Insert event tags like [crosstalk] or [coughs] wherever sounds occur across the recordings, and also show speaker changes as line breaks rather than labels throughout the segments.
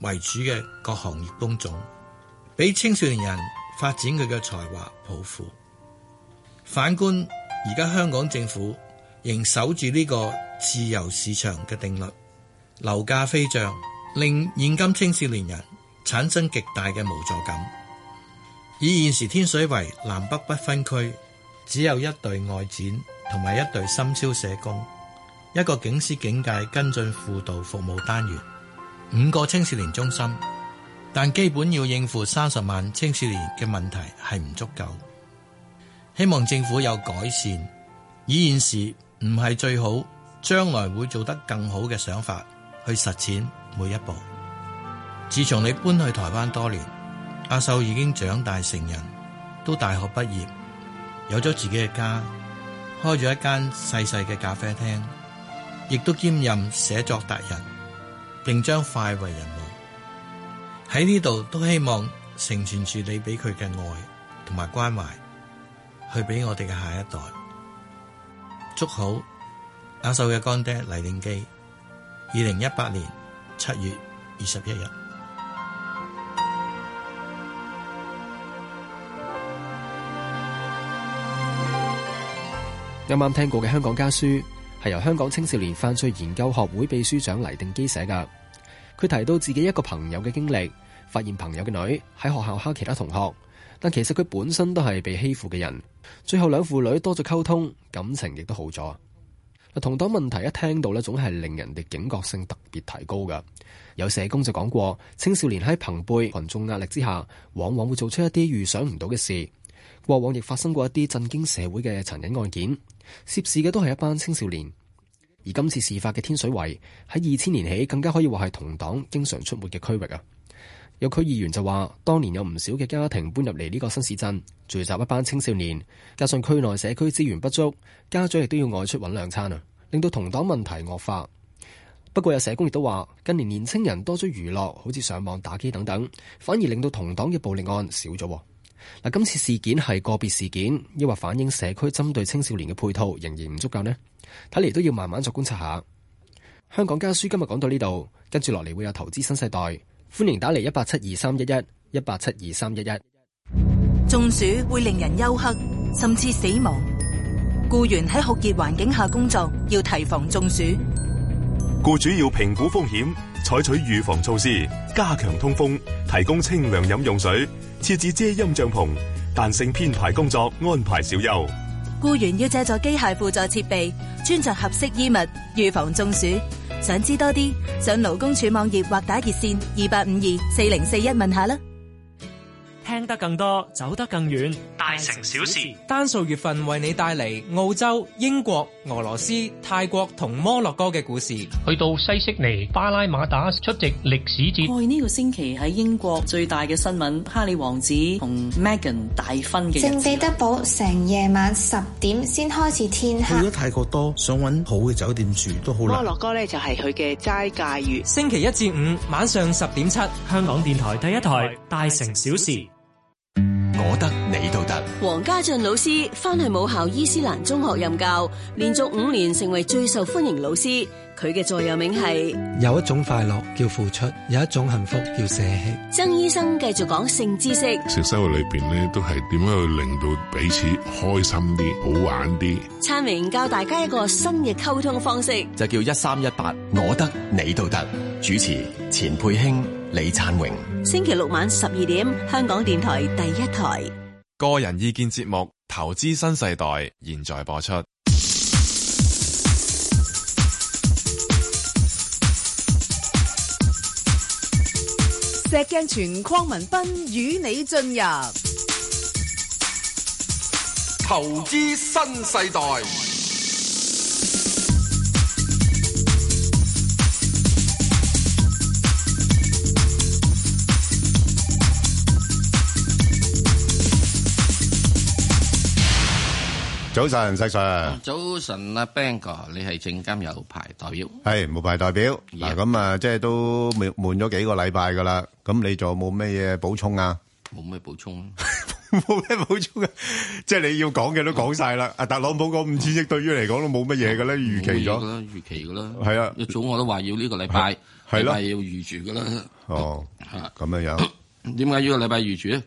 為主嘅各行業工種，俾青少年人發展佢嘅才華抱負。反觀而家香港政府仍守住呢個自由市場嘅定律，樓價飛漲，令現今青少年人產生極大嘅無助感。以現時天水圍南北不分區，只有一隊外展同埋一隊深宵社工，一個警司警誡跟進輔導服務單元。五個青少年中心，但基本要應付三十萬青少年嘅問題係唔足夠。希望政府有改善，以現時唔係最好，將來會做得更好嘅想法去實踐每一步。自從你搬去台灣多年，阿秀已經長大成人，都大學畢業，有咗自己嘅家，開咗一間細細嘅咖啡廳，亦都兼任寫作達人。並將快為人母，喺呢度都希望成全住你俾佢嘅愛同埋關懷，去俾我哋嘅下一代。祝好，阿秀嘅乾爹黎定基。二零一八年七月二十一日，
啱啱聽過嘅香港家書係由香港青少年犯罪研究學會秘書長黎定基寫㗎。佢提到自己一個朋友嘅經歷，發現朋友嘅女喺學校蝦其他同學，但其實佢本身都係被欺負嘅人。最後兩父女多咗溝通，感情亦都好咗。童黨問題一聽到呢總係令人哋警覺性特別提高噶。有社工就講過，青少年喺朋輩群眾壓力之下，往往會做出一啲預想唔到嘅事。過往亦發生過一啲震驚社會嘅殘忍案件，涉事嘅都係一班青少年。而今次事發嘅天水圍喺二千年起更加可以話係同黨經常出沒嘅區域啊！有區議員就話，當年有唔少嘅家庭搬入嚟呢個新市鎮，聚集一班青少年，加上區內社區資源不足，家長亦都要外出揾兩餐啊，令到同黨問題惡化。不過有社工亦都話，近年年青人多咗娛樂，好似上網打機等等，反而令到同黨嘅暴力案少咗。嗱，今次事件係個別事件，抑或反映社區針對青少年嘅配套仍然唔足夠呢？睇嚟都要慢慢再觀察下。香港家書今日講到呢度，跟住落嚟會有投資新世代，歡迎打嚟一八七二三一一一八七二三一一。中暑會令人休克，甚至死亡。僱員喺酷熱環境下工作，
要提防中暑。
僱主要評估風險，採取預防措施，加強通風，提供清涼飲用水，設置遮陰帳篷，彈性編排工作安排，小休。
僱員要借助機械輔助設備，穿着合適衣物，預防中暑。想知多啲？上勞工處網頁或打熱線二八五二四零四一問下啦。
聽得更多，走得更遠。
大城小事，
單數月份為你帶嚟澳洲、英國、俄羅斯、泰國同摩洛哥嘅故事。去到西悉尼、巴拉馬達出席歷史節。呢個星期喺英國最大嘅新聞，哈利王子同 Meghan 大婚嘅日子。聖彼得
堡成夜晚十點先開始天黑。去咗
泰國多，想揾好嘅酒店住都
好難。摩洛
哥呢，就係佢嘅齋戒月。
星期一至五晚上十點七，香港電台第一台大城小事。我得你都得。王家俊老師翻去母校伊斯蘭中學任教，連續五年成為最受歡迎老師。佢嘅座右銘係：有一種快樂叫付出，有一種幸福叫捨棄。曾醫生繼續講性知識。性生活裏邊咧，都係點樣去令到彼此開心啲、好玩啲？燦明教大家一個新嘅溝通方式，就叫一三一八，我得你都得。主持興：錢佩卿。李燦榮，星期六晚十二點，香港電台第一台
個人意見節目《投資新世代》現在播出。
石鏡泉、鄺民彬與你進入《投資新世代》。
早晨，Sir。
早晨啊，Banker，你係證監有牌代表？
係冇牌代表。嗱咁啊，即係都悶咗幾個禮拜噶啦。咁你仲有冇咩嘢補充啊？
冇咩補充，
冇咩補充嘅，即係你要講嘅都講晒啦。阿特朗普講五千億，對於嚟講都冇乜嘢嘅咧，預期咗
啦，預期噶啦，係啦。一早我都話要呢個禮拜，係咯，要預住噶啦。哦，咁樣樣，點解呢個禮拜預住？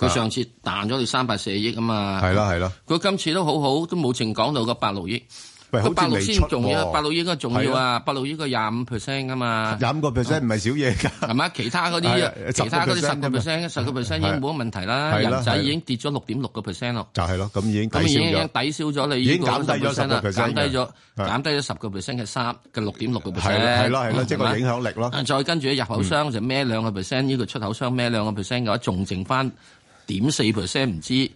佢上次彈咗你三百四億啊嘛，係啦係啦，佢今次都好好，都冇情講到個八六億，
佢八六先重要，八六
億個重要啊，八六億個廿五 percent 啊嘛，廿五個 percent 唔係少嘢㗎，係咪啊？其他嗰啲其他嗰啲十個 percent，十個 percent 已經冇乜問題啦，人仔已經跌咗六點六個 percent 咯，就係咯，咁已經抵消咗，已經抵消咗，你已經減低咗十個 percent，減低咗減低咗十個 percent 嘅三嘅六點六個 percent 咧，係啦係啦，即係個影響力咯，再跟住咧，入口商就孭兩個 percent，依個出口商孭兩個 percent 嘅話，仲剩翻。點四 percent 唔知，邊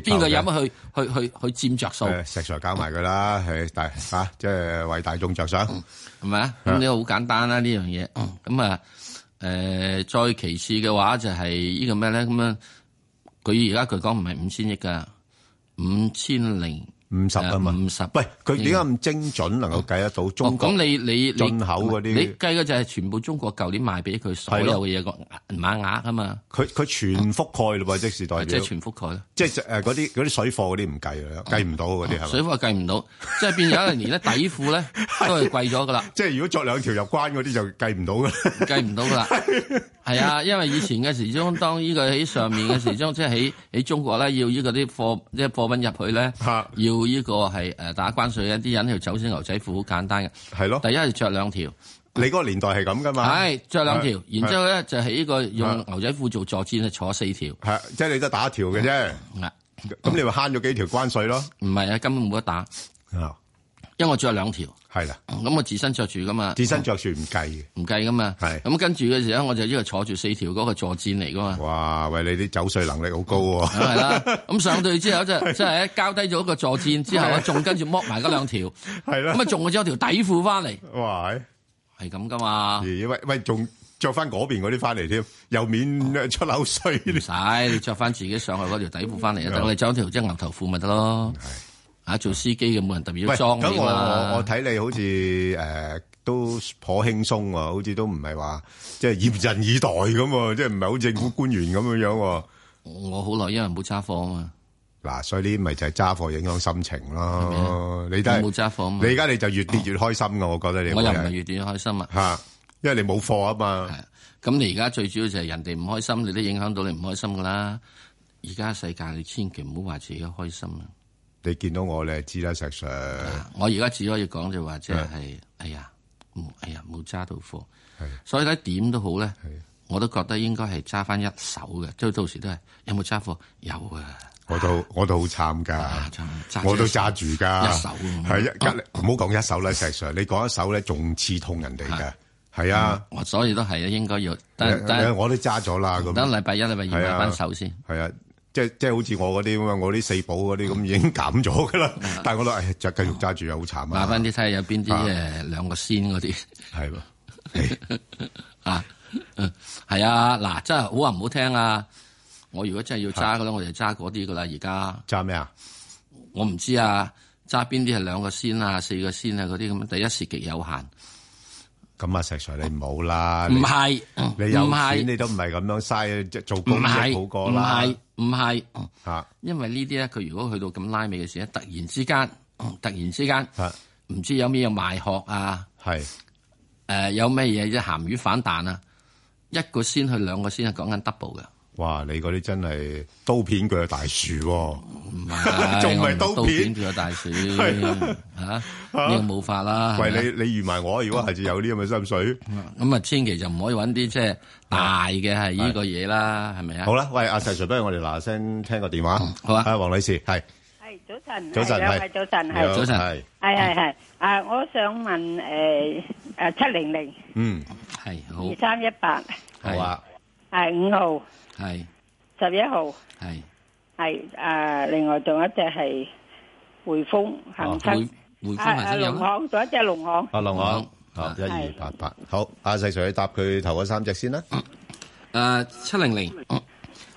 邊個飲去去去去佔着數？石材搞埋佢啦，係大嚇，即係、啊、為大眾着想，係咪啊？咁呢個好簡單啦，呢、嗯、樣嘢。咁啊，誒，再其次嘅話就係呢個咩咧？咁樣佢而家佢講唔係五千億㗎，五千零。五十啊嘛，五十。50，喂，佢點解咁
精準，能夠計
得到？中國咁、嗯哦、你你進口啲，你計嘅就係全部中國舊年賣俾佢所有嘅嘢個碼額啊嘛。佢佢全覆蓋咯、嗯，即係代表即係、嗯就是、全覆蓋、嗯。
即係誒嗰啲嗰啲水貨嗰啲唔計啦，計
唔到嗰啲係水貨計唔到， [laughs] 即係變咗嚟年咧底褲
咧 [laughs] 都係貴咗噶啦。即係如果着兩條入關嗰啲就計唔到噶，計
唔到噶啦。係 [laughs] 啊，因為以前嘅時裝當呢個喺上面嘅時裝， [laughs] 即係喺喺中國咧要呢個啲貨即係貨品入去咧，要呢。啊要做、這、呢個係誒打關稅一啲人條走線牛仔褲好簡單嘅係咯，第一係着兩條，你嗰個年代係咁噶嘛？係着兩條，然之後咧就係、是、呢個用牛仔褲做坐墊、啊、坐四條、啊，即係你都打一條嘅啫，咁、啊、你咪慳咗幾條關稅咯？唔係啊，根本冇得打啊。 [coughs] 因為我著兩條，係啦，咁、嗯、我自身着住噶嘛，自身着住唔計嘅，唔計噶嘛。係咁、嗯、跟住嘅時候，我就依度坐住四條嗰個坐墊嚟噶嘛。哇，喂，你啲走水能力好高喎、啊。啦、嗯，咁、嗯、上到去之後就，即係即係交低咗一個坐墊之後，仲跟住剝埋嗰兩條，啦，咁啊仲有咗條底褲翻嚟。哇，係咁噶嘛。喂喂，仲
着翻嗰邊嗰啲翻嚟添？又免出口稅。唔
使，著翻自己上去嗰條底褲翻嚟啊！等我哋著條即係牛頭褲咪得咯。啊！做司機嘅冇人特別要裝。咁我我
睇你好似誒、呃、都頗輕鬆喎，好似都唔係話即係嚴陣以待咁喎，即係唔係好政府官員咁樣樣喎。我好耐因為冇揸貨啊嘛。嗱、啊，所以呢啲咪就係揸貨影響心情咯。你、就是、都冇揸貨啊嘛，你而家你就越跌越開心噶、哦，我覺得你人我又唔係越
跌越開心啊。吓，因為你冇貨啊嘛。咁你而家最主要就係人哋唔開心，你都影響到你唔開心噶啦。而家世界你千祈唔好話自己開心啊。你見到我，你知啦，石 Sir。我而家只可以講就話、係，即係、啊，哎呀，哎呀，冇揸到貨，啊、所以咧點都好咧，我都覺得應該係揸翻一手嘅，即到時都係有冇揸貨？
有啊。我都我都好慘噶，我都揸住噶，一手，係一唔好講一手啦，石 Sir，你講一手咧，仲刺痛人哋嘅，係啊。
我、啊啊嗯、所以都係啊，應該要，但係係、啊、但係、啊、我都揸咗啦。咁，等禮拜一啊，禮拜二買翻、啊、手先。係啊。即
即好似我嗰啲咁啊，我啲四寶嗰啲咁已經減咗噶啦，但係我覺得就繼續揸住啊，好
慘啊！買翻啲睇下有邊啲誒兩個仙嗰啲係咯啊，係啊嗱，真係好話唔好聽啊！我如果真係要揸嘅咧，我就揸嗰啲噶啦，而家揸咩啊？我唔知啊，揸邊啲係兩個仙啊，四個仙啊嗰啲咁第一時極有限。
咁啊，石 Sir 你唔好啦，唔係，你又唔係你都唔係咁樣嘥即係做工好過啦，
唔係，啊，因為呢啲咧，佢如果去到咁拉尾嘅時候，突然之間，突然之間，唔知有咩嘢賣殼啊，係、啊，誒、啊呃，有咩嘢即鹹魚反彈啊，一個先去，兩個先去講緊 double 嘅。哇！你嗰啲真係刀片佢嘅大、啊、大樹，仲唔係刀片佢嘅大樹
呢個冇法啦！喂，你你預埋我，如果下次有啲咁嘅心水，咁 [laughs] 啊千祈就唔可以揾啲即係大嘅係呢個嘢啦，係咪啊？好啦、啊，喂、啊，阿陳瑞斌，我哋嗱聲聽個電話，啊好啊，阿、啊、黃女士，係，係早晨，早晨，啊、早晨，係、啊啊、早晨，係係係。
啊，我想問誒誒七零零，
嗯係
好二三一八，好啊，係五號。係十一號，係係誒，另外仲有一隻係匯豐恒生，匯豐恒生，農
行仲有一隻農行，啊農行有，啊、龍一二八八，好，阿細祥去答佢頭嗰三隻先啦，
誒七零零，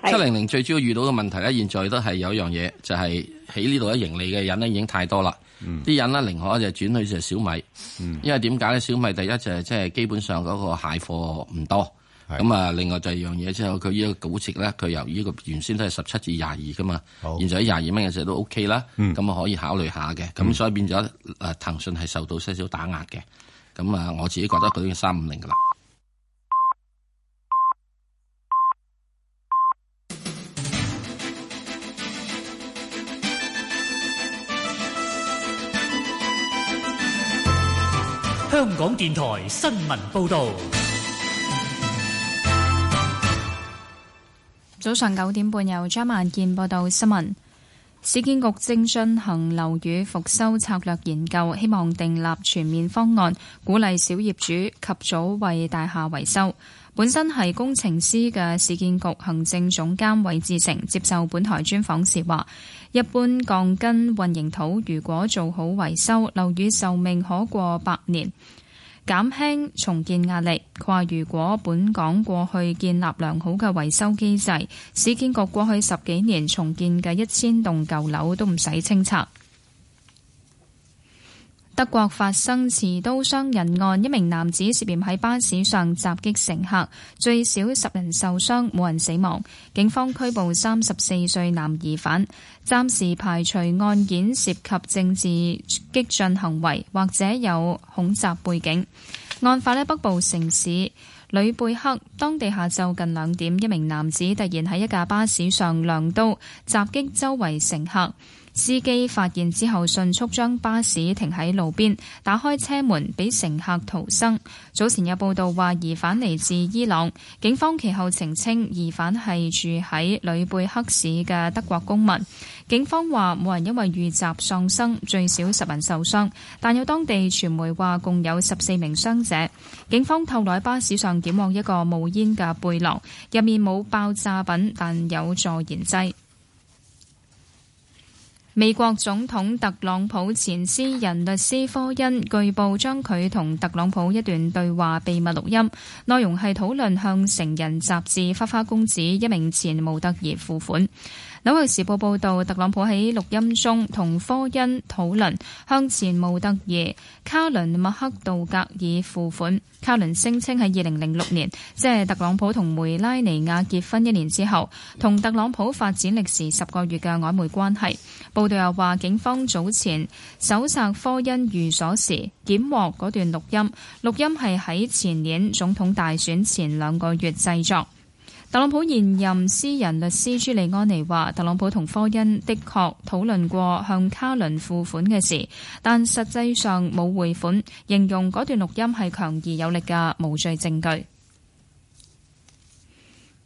七零
零最主要遇到嘅問題咧，現在都係有一樣嘢，就係喺呢度一盈利嘅人咧已經太多啦，啲、嗯、人咧寧可就轉去就小米，嗯、因為點解咧？小米第一就係即係基本上嗰個蟹貨唔多。咁啊，另外就係一樣嘢之後，佢依個估值咧，佢由依、這個原先都係十七至廿二噶嘛，現在喺廿二蚊嘅時候都 OK 啦，咁、嗯、啊可以考慮一下嘅。咁、嗯、所以變咗誒騰訊係受到少少打壓嘅。咁啊，我自己覺得佢已經三五零噶啦。
香港電台新聞報導。
早上九點半，由張萬健報道新聞。市建局正進行樓宇復修策略研究，希望訂立全面方案，鼓勵小業主及早為大廈維修。本身係工程師嘅市建局行政總監韋志成接受本台專訪時話：一般鋼筋混凝土如果做好維修，樓宇壽命可過百年。減輕重建壓力，佢話：如果本港過去建立良好嘅維修機制，市建局過去十幾年重建嘅一千棟舊樓都唔使清拆。德國發生持刀傷人案，一名男子涉嫌喺巴士上襲擊乘客，最少十人受傷，冇人死亡。警方拘捕三十四歲男疑犯，暫時排除案件涉及政治激進行為或者有恐襲背景。案發喺北部城市呂貝克，當地下晝近兩點，一名男子突然喺一架巴士上亮刀襲擊周圍乘客。司機發現之後，迅速將巴士停喺路邊，打開車門俾乘客逃生。早前有報道話疑犯嚟自伊朗，警方其後澄清疑犯係住喺呂貝克市嘅德國公民。警方話冇人因為遇襲喪生，最少十人受傷，但有當地傳媒話共有十四名傷者。警方透露喺巴士上檢獲一個冒煙嘅背囊，入面冇爆炸品，但有助燃劑。.美國總統特朗普前私人律師科恩據報將佢同特朗普一段對話秘密錄音，內容係討論向成人雜誌《花花公子》一名前模特兒付款。紐約時報報道，特朗普喺錄音中同科恩討論向前模特兒卡倫麥克道格爾付款。卡倫聲稱喺二零零六年，即、就、係、是、特朗普同梅拉尼亞結婚一年之後，同特朗普發展歷時十個月嘅曖昧關係。報。佢又話，警方早前搜查科恩寓所時，檢獲嗰段錄音。錄音係喺前年總統大選前兩個月製作。特朗普現任私人律師朱利安尼話，特朗普同科恩的確討論過向卡倫付款嘅事，但實際上冇匯款。形容嗰段錄音係強而有力嘅無罪證據。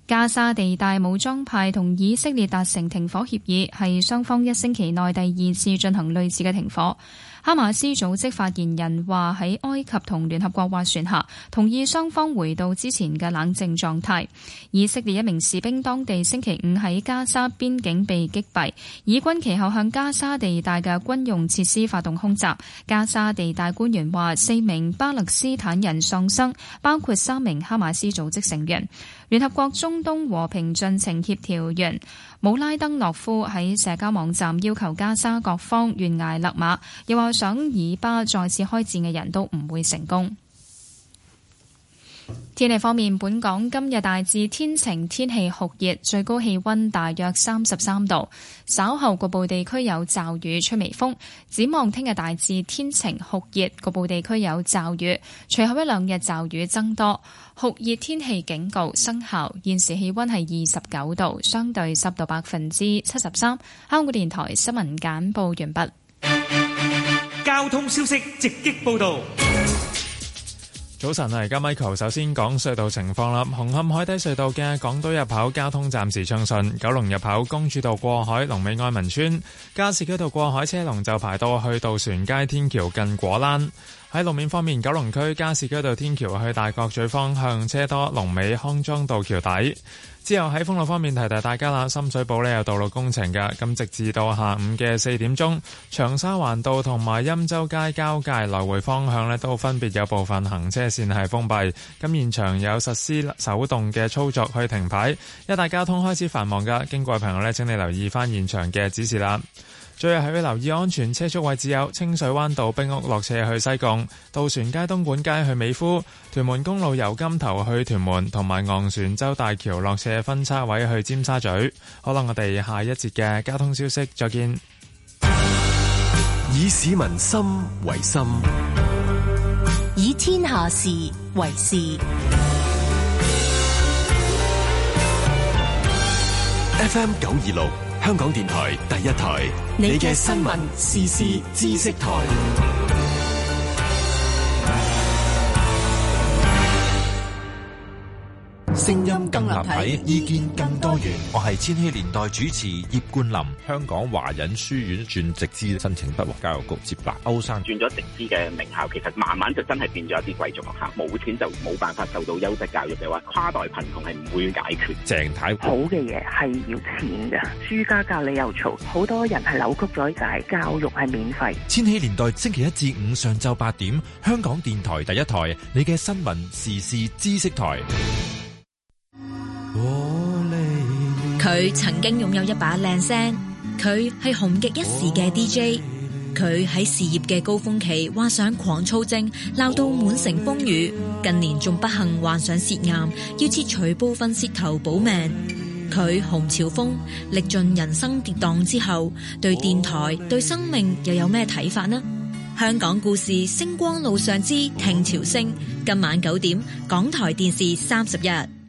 加沙地帶武裝派同以色列達成停火協議，係雙方一星期內第二次進行類似嘅停火。哈馬斯組織發言人話喺埃及同聯合國斡旋下，同意雙方回到之前嘅冷靜狀態。以色列一名士兵當地星期五喺加沙邊境被擊斃，以軍其後向加沙地帶嘅軍用設施發動空襲。加沙地帶官員話，四名巴勒斯坦人喪生，包括三名哈馬斯組織成員。聯合國中東和平進程協調員姆拉登諾夫喺社交網站要求加沙各方懸崖勒馬，又話想以巴再次開戰嘅人都唔會成功。天氣方面，本港今日大致天晴，天氣酷熱，最高氣溫大約三十三度。稍後局部地區有驟雨，吹微風。展望聽日大致天晴酷熱，局部地區有驟雨，隨後一兩日驟雨增多，酷熱天氣警告生效。現時氣溫係二十九度，相對濕度百分之七十三。香港電台新聞簡報完畢。交通消息直擊報道。
早晨啊，而家 Michael 首先講隧道情況啦。紅磡海底隧道嘅港島入口交通暫時暢順，九龍入口公主道過海、龍尾愛民邨、加士居道過海車龍就排到去渡船街天橋近果欄。喺路面方面，九龍區加士居道天橋去大角咀方向車多，龍尾康莊道橋底。之後喺封路方面提提大家啦，深水埗呢有道路工程嘅，咁直至到下午嘅四點鐘，長沙環道同埋欽州街交界來回方向呢都分別有部分行車線係封閉，咁現場有實施手動嘅操作去停牌，一旦交通開始繁忙噶，經過嘅朋友呢，請你留意翻現場嘅指示啦。最後喺度留意安全車速位，只有清水灣道、冰屋落斜去西貢、渡船街、東莞街去美孚、屯門公路由金頭去屯門，同埋昂船洲大橋落斜分叉位去尖沙咀。好啦，我哋下一節嘅交通消息，再見。以市民心為心，
以天下事為事。F M 九二六。香港電台第一台，你嘅新聞時事知識台。
聲音更立體，意見更多元。我係千禧年代主持葉冠霖。香港華仁書院轉直資申請不獲教育局接納，歐生轉咗直
資嘅名校，其實慢慢就真係變咗一啲貴族學校，冇錢就冇辦法受到優質教育嘅話，
跨代貧窮係唔會解決。鄭太好嘅嘢係要錢嘅，專家
教你又嘈，好多人係扭曲咗就係教育係免費。
千禧年代星期一至五上晝八點，香港電台第一台，你嘅新聞時事知識台。
佢曾經擁有一把靚聲，佢係紅極一時嘅 DJ。佢喺事業嘅高峰期患上狂躁症，鬧到滿城風雨。近年仲不幸患上舌癌，要切除部分舌頭保命。佢洪朝豐歷盡人生跌宕之後，對電台、對生命又有咩睇法呢？香港故
事《星光路上之聽潮聲》，今晚九點港台電視三十日。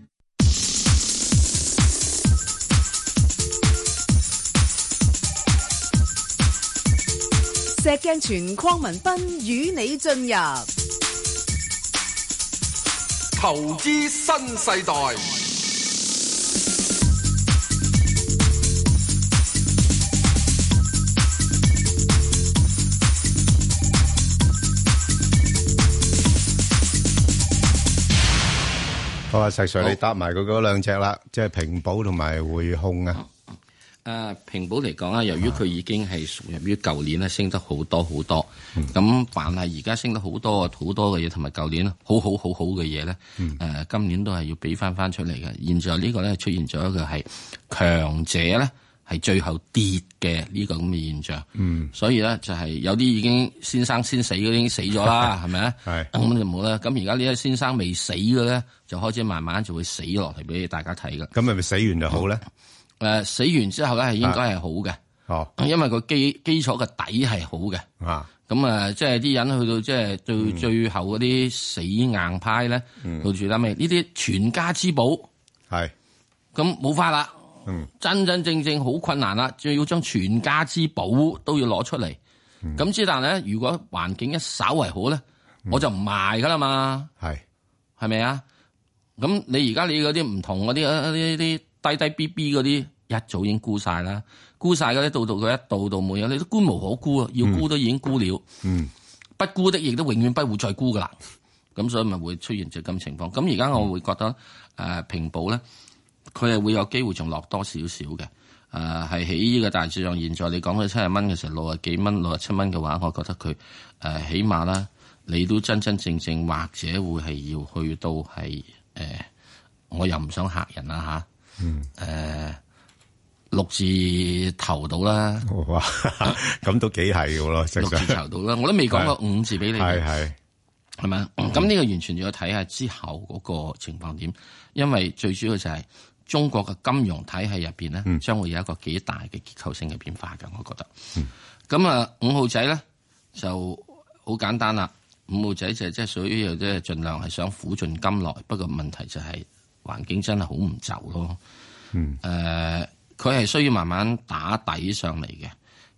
石鏡泉鄺民彬與你進入投資新世代。
好啊，石 Sir，你搭埋佢嗰兩隻啦，即係平保同埋匯控啊。.
啊、呃，平保嚟講啊，由於佢已經係屬於於舊年咧升得好多好多，咁凡係而家升得好多好多嘅嘢同埋舊年好好好好嘅嘢咧，誒、嗯呃，今年都係要俾翻翻出嚟嘅。現在呢個咧出現咗一個係強者咧係最後跌嘅呢個咁嘅現象。嗯，所以咧就係、是、有啲已經先生先死，已經死咗啦，係咪啊？係咁就冇啦。咁而家呢啲先生未死嘅咧，就開始慢慢就會死落嚟俾大家睇㗎。咁係咪死完就好咧？嗯。誒，死完之後咧，係應該係好嘅，因為個基基礎嘅底係好嘅。啊，咁啊，即係啲人去到即係最、嗯、最後嗰啲死硬派咧，到住啱咩？呢啲全家之寶，係，咁冇法啦，真、嗯、真正正好困難啦，仲要將全家之寶都要攞出嚟。咁、嗯、之但係咧，如果環境一稍為好咧、嗯，我就唔賣噶啦嘛，係，係咪啊？咁你而家你嗰啲唔同嗰啲啲啲低低 B B 嗰啲。一早已經沽晒啦，沽晒嗰啲到到佢一到到冇嘢你都沽無可沽啊！要沽都已經沽了，嗯、不沽的亦都永遠不會再沽噶啦。咁所以咪會出現隻咁情況。咁而家我會覺得，誒、嗯呃、平保咧，佢係會有機會仲落多少少嘅。誒、呃、係起呢個大致上，現在你講佢七十蚊嘅時候，六十幾蚊、六十七蚊嘅話，我覺得佢誒、呃、起碼啦，你都真真正正或者會係要去到係誒、呃，我又唔想嚇人啦嚇，誒。嗯呃六字頭到啦，哇！咁都幾係嘅咯，六字頭到啦，我都未講過五字俾你。係係係咪咁？呢個完全要睇下之後嗰個情況點，因為最主要就係中國嘅金融體系入邊咧，將會有一個幾大嘅結構性嘅變化㗎、嗯。我覺得。咁啊，五號仔咧就好簡單啦。五號仔就係即係屬於又即係盡量係想苦盡甘來，不過問題就係環境真係好唔就咯。嗯，誒、呃。佢係需要慢慢打底上嚟嘅，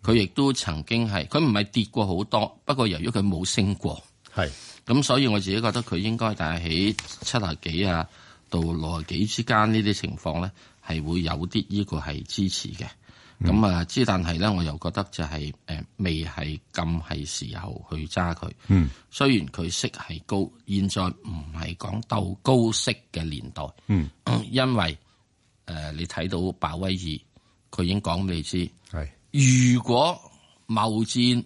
佢亦都曾經係，佢唔係跌過好多，不過由於佢冇升過，咁，所以我自己覺得佢應該大、嗯，但係喺七啊幾啊到六十幾之間呢啲情況咧，係會有啲呢個係支持嘅。咁啊，之但係咧，我又覺得就係、是呃、未係咁係時候去揸佢。嗯，雖然佢息係高，現在唔係講鬥高息嘅年代。嗯，因為。誒、呃，你睇到鮑威爾佢已經講俾你知，係如果貿戰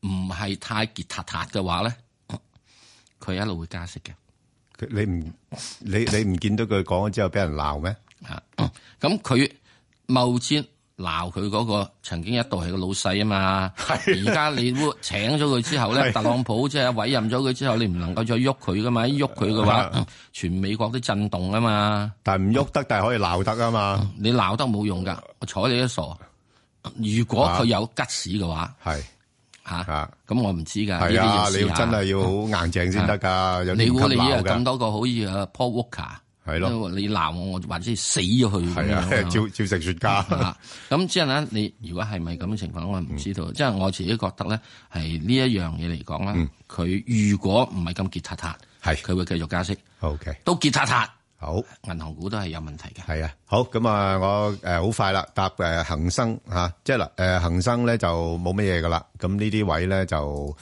唔係太杰撻撻嘅話咧，佢一路會加息嘅。
佢你唔你你唔
見到佢講咗之後俾人鬧咩？吓、啊，咁佢貿戰。鬧佢嗰個曾經一度係個老細啊嘛，而家 [laughs] 你請咗佢之後咧， [laughs] 特朗普即係委任咗佢之後，你唔能夠再喐佢噶嘛，喐佢嘅話，全美國都震動啊嘛。但係唔喐得，嗯、但係可以鬧得啊嘛。你鬧得冇用噶，我睬你一傻。如果佢有吉屎嘅話，係吓，咁我唔知噶。係啊，你要真係要好硬正先得噶。啊、有啲咁多個，好似啊 Paul Walker。係咯，你鬧我，我或者死咗去。係啊，照照成專家。咁之後咧，你如果係咪咁嘅情況，我唔知道。即、嗯、係、就是、我自己覺得咧，係呢一樣嘢嚟講啦。佢、嗯、如果唔係咁結結塌，係佢會繼續加息。O、okay, K，都結結塌。好，銀行股都係有問題嘅。係啊，
好咁啊，我誒好快啦，答誒恒生吓，即係嗱，誒恒生咧就冇乜嘢噶啦。咁呢啲位咧就。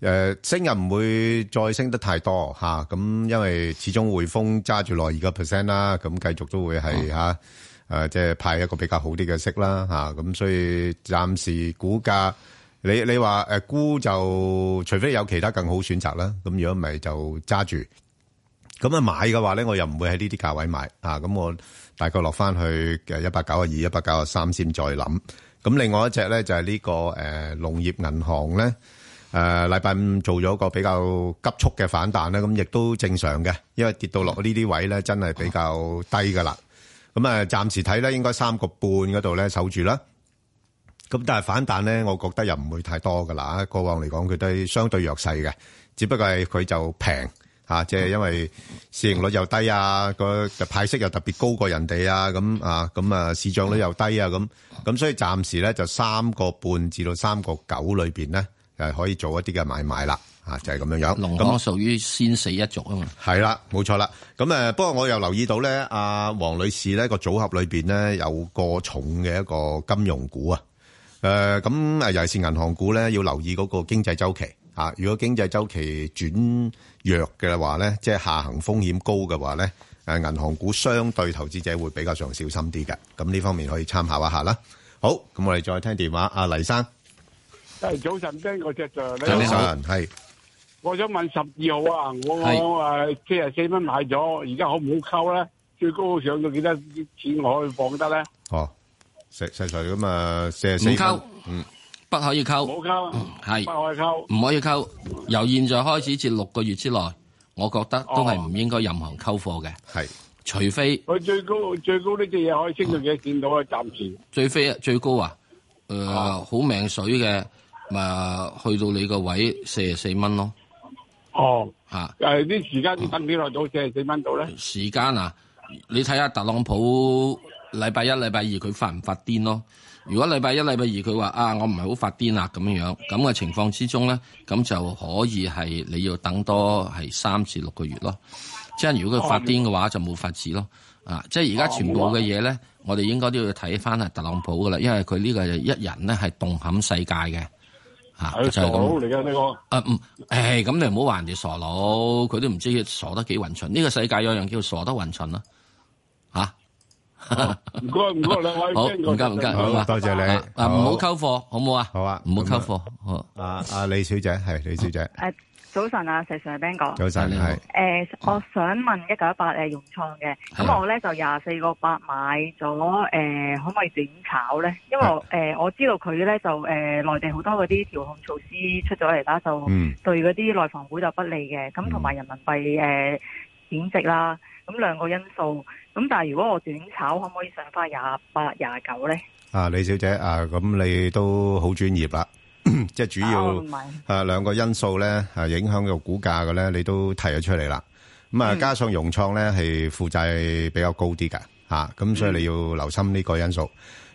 誒，升又唔會再升得太多吓，咁因為始終匯豐揸住落二個 percent 啦，咁繼續都會係吓，誒即係派一個比較好啲嘅息啦吓，咁所以暫時股價你你話誒沽就除非有其他更好選擇啦，咁如果唔係就揸住。咁啊買嘅話咧，我又唔會喺呢啲價位買啊，咁我大概落翻去誒一百九啊二、一百九啊三先再諗。咁另外一隻咧就係呢個誒農業銀行咧。誒，禮拜五做咗個比較急速嘅反彈咧，咁亦都正常嘅，因為跌到落呢啲位咧，真係比較低噶啦。咁啊，暫時睇咧，應該三個半嗰度咧守住啦。咁但係反彈咧，我覺得又唔會太多噶啦。過往嚟講，佢都係相對弱勢嘅，只不過係佢就平吓，即係因為市盈率又低啊，個派息又特別高過人哋啊，咁啊，咁啊市漲率又低啊，咁咁所以暫時咧就三個半至到三個九裏邊咧。係可以做一啲嘅買賣啦，就係咁樣樣。咁我屬於先死一族啊嘛。係啦，冇錯啦。咁誒，不過我又留意到咧，阿、啊、黃女士呢個組合裏邊呢，有個重嘅一個金融股啊。誒，咁尤其是銀行股咧，要留意嗰個經濟周期，啊、如果經濟周期轉弱嘅話咧，即、就、係、是、下行風險高嘅話咧，誒、啊，銀行股相對投資者會比較上小心啲嘅。咁呢方面可以參考一下啦。好，咁我哋再聽電話，阿、啊、黎生。
早晨，丁我只就呢。好，係我想問十二號啊，我我誒四廿四蚊買咗，而家可唔可以溝咧？最高上到幾多錢我可以放得咧？
哦，四四四咁啊，
四廿四唔溝，嗯，不可以溝，唔好溝，係，唔可以溝，唔可以溝。由現在開始至六個月之內，我覺得都係唔應該任何溝貨嘅，係、哦，除非
佢最高最高呢隻嘢可以升到幾多？見到啊，暫時
最飛啊，最高啊，誒、呃哦，好命水嘅。啊，去到你個位四十四蚊咯。哦，吓、啊，
誒，啲
時間要幾耐到四十四蚊到咧？時間啊，你睇下特朗普禮拜一、禮拜二佢發唔發癲咯？如果禮拜一、禮拜二佢話啊，我唔係好發癲啊，咁樣樣咁嘅情況之中咧，咁就可以係你要等多係三至六個月咯。即係如果佢發癲嘅話，哦、就冇法子咯。啊，即係而家全部嘅嘢咧，我哋應該都要睇翻係特朗普噶啦，因為佢呢個就一人咧係動撼世界嘅。吓、啊，佬嚟噶呢個？唔、啊，誒、嗯、咁、欸、你唔好話人哋傻佬，佢都唔知佢傻得幾混蠢。呢、這個世界有樣叫傻得混蠢啦、啊，吓、啊。唔該唔該兩位，好唔該唔該，多謝你。
唔好溝
貨，好唔、啊、好啊？好啊，
唔好溝貨。啊啊，李小姐係 [laughs] 李小姐。
啊
早晨啊，石上嘅 Ben 哥，早晨係。誒、嗯呃，我想問一九一八誒融創嘅，咁我咧就廿四個八買咗誒、呃，可唔可以短炒咧？因為誒、呃、我知道佢咧就誒內、呃、地好多嗰啲調控措施出咗嚟啦，就對嗰啲內房股就不利嘅。咁同埋人民幣誒貶值啦，咁兩個因素。咁但係如果我短炒，可唔可以上翻廿八、廿九咧？
啊，李小姐啊，咁你都好專業啦。 [coughs] 即係主要誒兩個因素咧，影響個股價嘅咧，你都提咗出嚟啦。咁啊，加上融創咧係負債比較高啲嘅吓，咁所以你要留心呢個因素。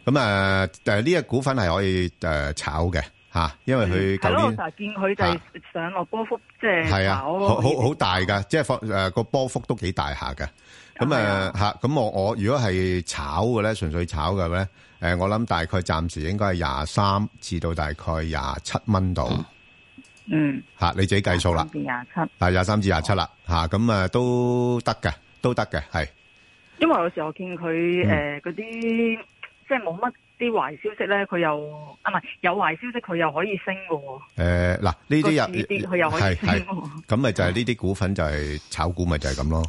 咁啊誒呢隻股份係可以誒、呃、炒嘅吓，因為佢舊年就
係見佢就上落波幅即係係啊，好好、
啊、大噶、嗯，即係放誒個波幅都幾大下噶。咁、嗯、誒，吓咁我我如果係炒嘅咧，純粹炒嘅咧，誒，我諗大概暫時應該係廿三至到大概廿七蚊度。嗯、吓、呃嗯嗯、你自己計數啦，變廿七，係廿三至廿七啦，吓咁啊都得嘅，都得嘅係。
因為有時候我見佢誒，嗰、嗯、啲、呃、即係冇乜啲壞消息咧，佢、嗯、又啊唔係有壞消息，佢又可以升嘅。
誒、呃，嗱，呢啲又啲，佢又可以升。咁咪就係呢啲股份就係炒股咪就係咁咯。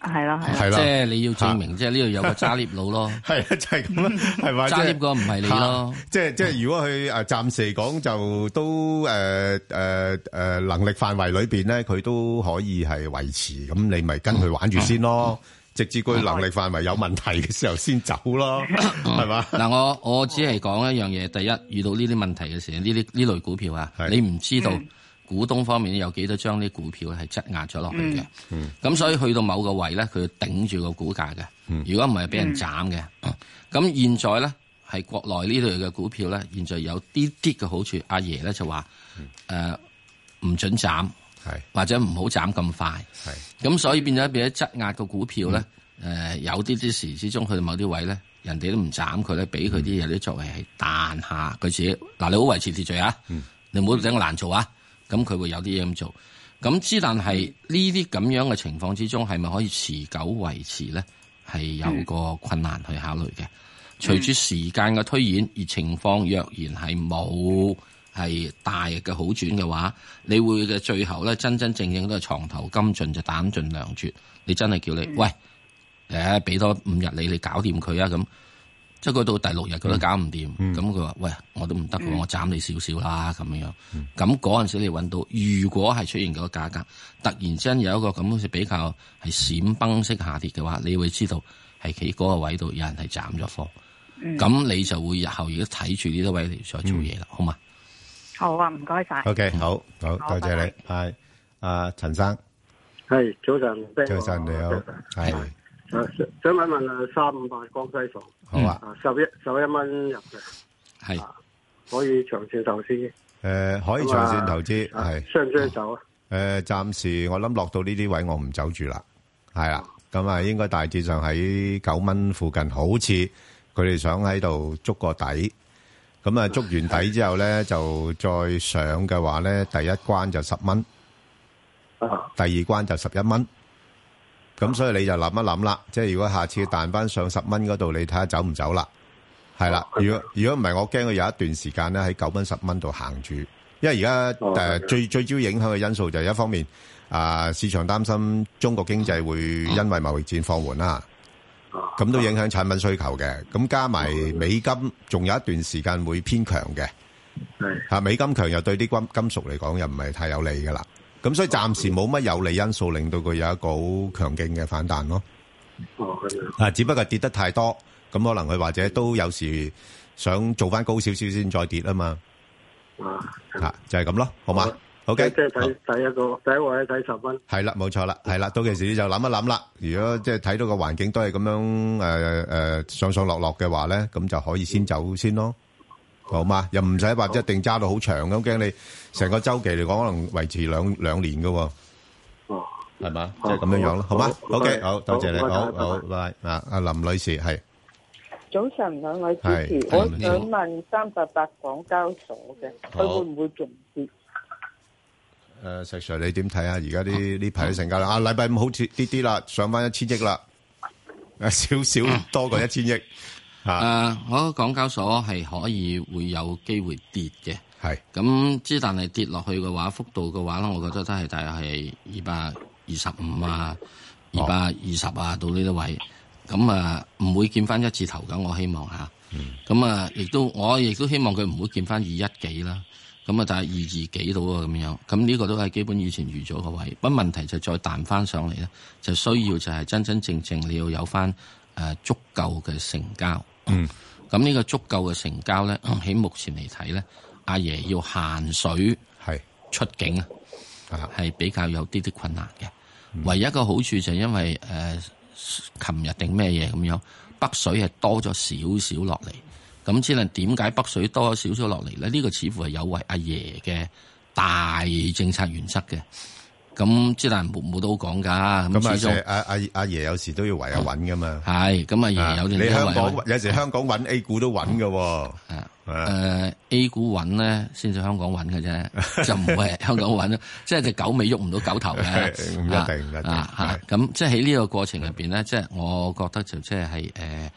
係咯係，即係你要證明，即
係呢度有個揸獵佬咯。係就係咁咯，係咪？揸獵個唔係你咯。
即係即係，如果佢誒暫時講就都誒誒誒能力範圍裏邊咧，佢都可以係維持。咁你咪跟佢玩住先咯。直至
佢能力範圍有問題嘅時候先走咯，係嘛？嗱，我我只係講一樣嘢。第一，遇到呢啲問題嘅時候，呢啲呢類股票啊，你唔知道。股東方面有幾多張啲股票係質押咗落去嘅，咁、嗯、所以去到某個位咧，佢頂住個股價嘅、嗯。如果唔係俾人斬嘅，咁、嗯、現在咧係國內呢度嘅股票咧，現在有啲啲嘅好處。阿爺咧就話誒唔准斬，或者唔好斬咁快，係咁所以變咗變咗質押個股票咧，誒、嗯呃、有啲啲時之中去到某啲位咧，人哋都唔斬佢咧，俾佢啲有啲作為係彈下佢自己。嗱、嗯、你好維持秩序啊，嗯、你唔好整我難做啊！咁佢會有啲嘢咁做，咁之但係呢啲咁樣嘅情況之中，係咪可以持久維持咧？係有個困難去考慮嘅。隨住時間嘅推演，而情況若然係冇係大嘅好轉嘅話，你會嘅最後咧，真真正正都係床頭金盡就膽盡糧絕。你真係叫你喂，誒俾多五日你，你搞掂佢啊咁。即係佢到第六日，佢都搞唔掂，咁佢話：喂，我都唔得嘅，我斬你少少啦，咁樣樣。咁嗰陣時你揾到，如果係出現嗰個價格突然之間有一個咁樣比較，係閃崩式下跌嘅話，你會知道喺嗰個位度有人係斬咗貨，咁、嗯、你就會日後如果睇住呢啲位再做嘢啦、嗯，好嘛？
好啊，唔該
晒。O K，好，好，多謝，謝你，
係、嗯、阿陳、uh, 生。係、hey，早晨，早晨你好，係。呃、想問一問誒、啊，三五百
江
西
房，好啊，啊十一
十一蚊入嘅，係可以長線投資。誒、啊，可以長線投資係、呃啊啊。需唔需要走啊？誒、啊，暫、呃、時我諗落到呢啲位，我唔走住啦。係啊，咁啊，應該大致上喺九蚊附近，好似佢哋想喺度捉個底。咁啊，捉完底之後咧、啊，就再上嘅話咧，第一關就十蚊、啊，第二關就十一蚊。咁所以你就諗一諗啦，即係如果下次彈翻上十蚊嗰度，你睇下走唔走啦，係啦。如果如果唔係， [music] 我驚佢有一段時間咧喺九蚊十蚊度行住，因為而家、呃、 [music] 最最主要影響嘅因素就係一方面啊、呃，市場擔心中國經濟會因為貿易戰放緩啦，咁、啊、都影響產品需求嘅。咁加埋美金仲有一段時間會偏強嘅、啊，美金強又對啲金金屬嚟講又唔係太有利噶啦。咁所以暫時冇乜有，有利因素令到佢有一個好強勁嘅反彈咯、
哦。哦，啊。
只不過跌得太多，咁可能佢或者都有時想做翻高少少先再跌啊嘛。啊，啊就係、是、咁咯，好嘛？好 k 即係睇第一
個，第一位睇十蚊。
係啦，冇錯啦，係啦，到其時就諗一諗啦。如果即係睇到個環境都係咁樣誒、呃呃、上上落落嘅話咧，咁就可以先走先咯。好嘛，又唔使話一定揸到好長咁，驚你成個周期嚟講，可能維持兩兩年噶。哦，係嘛，即係咁樣樣咯，好嘛。OK，好，多謝你，好好，bye。啊，阿林女士，係早晨，兩位主持，
我想問三八八港交所嘅，佢會唔會仲
跌？誒，石 Sir，你點睇啊？而家啲呢排啲成交啦，啊，禮拜五好似啲啲啦，上翻一千億啦，少少多過一
千億。誒、啊，我港交所係可以會有機會跌嘅，係咁之，但係跌落去嘅話，幅度嘅話咧，我覺得都係大概係二百二十五啊，二百二十啊，哦、到呢啲位，咁啊唔會見翻一字頭咁，我希望嚇，咁啊亦都我亦都希望佢唔會見翻二一幾啦，咁啊但係二二幾到啊咁樣，咁呢個都係基本以前預咗個位，不問題就再彈翻上嚟咧，就需要就係真真正正你要有翻誒、啊、足夠嘅成交。嗯，咁、這、呢個足夠嘅成交咧，喺目前嚟睇咧，阿爺要限水係出境啊，係比較有啲啲困難嘅。唯一,一個好處就係因為誒，琴、呃、日定咩嘢咁樣，北水係多咗少少落嚟，咁只能點解北水多咗少少落嚟咧？呢、這個似乎係有違阿爺嘅大政策原則嘅。咁即係冇冇都講噶，咁始終阿阿阿爺有時都要為阿揾噶嘛。係、啊，咁、嗯、阿、嗯啊啊、爺有啲、啊、你香港有時香港揾 A 股都揾㗎喎。A 股揾咧先至香港揾嘅啫，就唔會係香港揾。即係隻狗尾喐唔到狗頭嘅。 [laughs] 唔一定咁、啊啊啊、即係喺呢個過程入面咧，即 [laughs] 係我覺得就即係係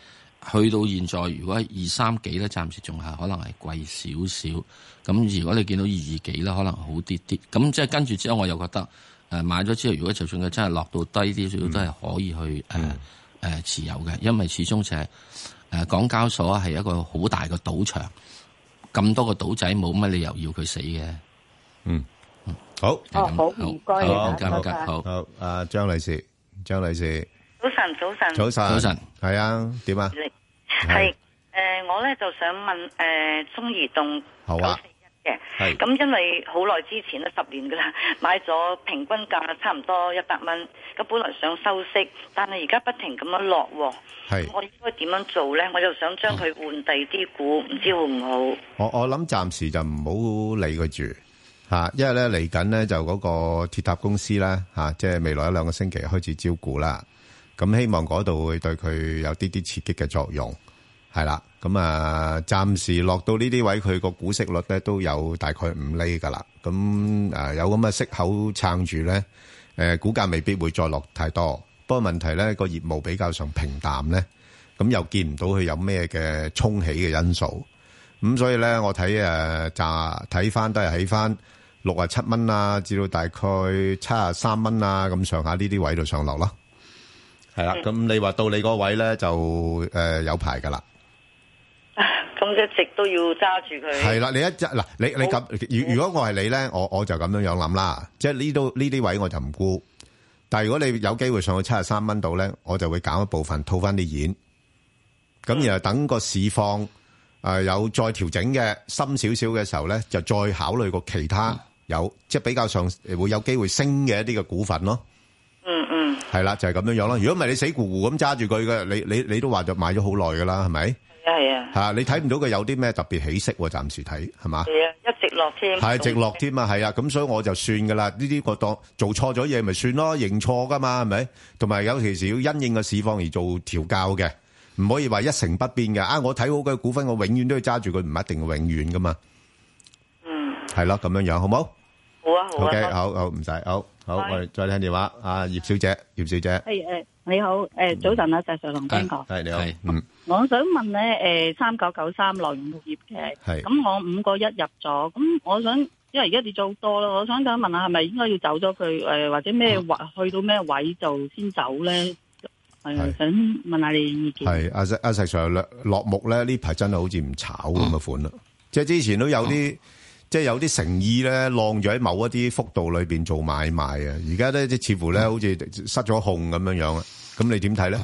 去到現在如果二三幾咧，暫時仲係可能係貴少少。咁 [laughs] 如果你見到二二幾呢，可能好啲啲。咁即係跟住之後，我又覺得。誒買咗之後，如果就算佢真係落到低啲少少、嗯、都係可以去誒誒、嗯呃、持有嘅，因為始終就係、是、誒、呃、港交所係一個好大嘅賭場，咁多個賭仔冇乜理由要佢死嘅。嗯嗯，好，哦好，
唔該你，好，好，阿、啊、張女士，張女士，
早晨，早晨，早晨，
早晨，係啊，點啊？係誒、
呃，我咧就想問誒中移動，好啊。嘅，咁因為好耐之前都十年噶啦，買咗平均價差唔多一百蚊，咁本來想收息，但係而家不停咁樣落，係我應該點樣做咧？我就想將佢換第啲股，唔、啊、知好唔好？
我我諗暫時就唔好理佢住，吓，因為咧嚟緊咧就嗰個鐵塔公司啦，吓、啊，即係未來一兩個星期開始招股啦，咁希望嗰度會對佢有啲啲刺激嘅作用，係啦。咁、嗯、啊，暫時落到呢啲位，佢個股息率咧都有大概五厘噶啦。咁、嗯、啊，有咁嘅息口撐住咧，誒、嗯、股價未必會再落太多。不過問題咧，個業務比較上平淡咧，咁、嗯、又見唔到佢有咩嘅沖起嘅因素。咁、嗯、所以咧，我睇誒睇翻都係起翻六啊七蚊啊，至到大概七啊三蚊啊咁上下呢啲位度上落咯。係、嗯、啦，咁你話到你嗰位咧就誒、呃、有排㗎啦。咁一直都要揸住佢。係啦，你一揸嗱，你你咁，如如果我係你咧，我我就咁樣樣諗啦，即係呢度呢啲位我就唔沽。但係如果你有機會上去七十三蚊度咧，我就會減一部分，套翻啲錢。咁然後等個市況誒有再調整嘅深少少嘅時候咧，就再考慮過其他有即係比較上會有機會升嘅一啲嘅股份咯。嗯嗯，係啦，就係咁樣樣咯。如果唔係你死固固咁揸住佢嘅，你你你都話就買咗好耐噶啦，係咪？係啊，吓你睇唔到佢有啲咩特別起色，啊，暫時睇係嘛？
係啊，一直落添，係直落
添啊，係啊，咁所以我就算噶啦，呢啲個當做錯咗嘢咪算咯，認錯噶嘛，係咪？同埋有時要因應個市況而做調教嘅，唔可以話一成不變嘅。啊，我睇好佢股份，我永遠都要揸住佢，唔一定永遠噶嘛。嗯，係咯，啊，咁樣樣好冇？好啊，好啊。O，okay, K，好，好唔使，好好，Bye. 我哋再聽電話。啊葉小姐，葉小姐，係誒，你好誒，呃，早晨
啊，鄭少龍邊係你好，嗯。我想問咧，誒，三九九三洛陽鉬業嘅，咁我五個一入咗，咁我想，因為而家跌咗好多咯，我想想問下，係咪應該要走咗佢，誒，或者咩或去到咩位就先走咧？係想問下你意見。
係阿石阿石 sir 落落木咧，呢排真係好似唔炒咁嘅款啦，即係之前都有啲，即係有啲誠意咧，浪咗喺某一啲幅度裏邊做買賣啊，而家咧即係似乎咧好似失咗控咁樣樣啊，咁你點睇咧？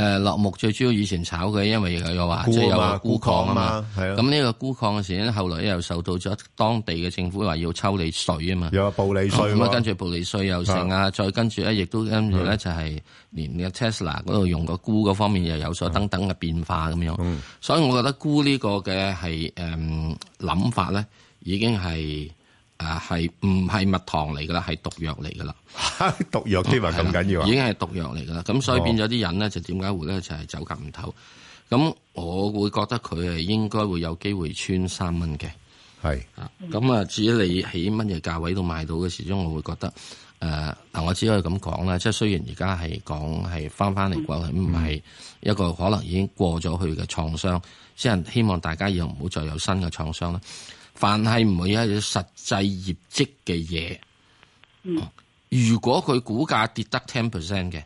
誒，落木最主要以前炒佢，因為又有話即係有鉬礦啊嘛，咁呢個鉬礦嘅時呢，後來又受到咗當地嘅政府話要抽你稅啊嘛，有個暴利稅咁啊，跟住暴利稅又成啊，再跟住咧亦都跟住咧就係、是、連你嘅 Tesla 嗰度用個鉬嗰方面又有所等等嘅變化咁樣，所以我覺得鉬、嗯、呢個嘅係誒諗法咧已經係。啊，係唔係蜜糖嚟噶啦？係毒藥嚟噶啦！
[laughs] 毒藥添啊咁緊要啊，已經係
毒藥嚟噶啦。咁、哦、所以變咗啲人咧，就點解會咧？就係走夾唔透。咁我會覺得佢係應該會有機會穿三蚊嘅。係咁啊，至於你喺乜嘢價位度買到嘅，始終我會覺得誒。嗱、呃，我只可以咁講啦。即係雖然而家係講係翻翻嚟過去唔係一個可能已經過咗去嘅創傷，嗯、即係希望大家以後唔好再有新嘅創傷啦。凡係唔會有實際業績嘅嘢，如果佢股價跌得 ten percent 嘅，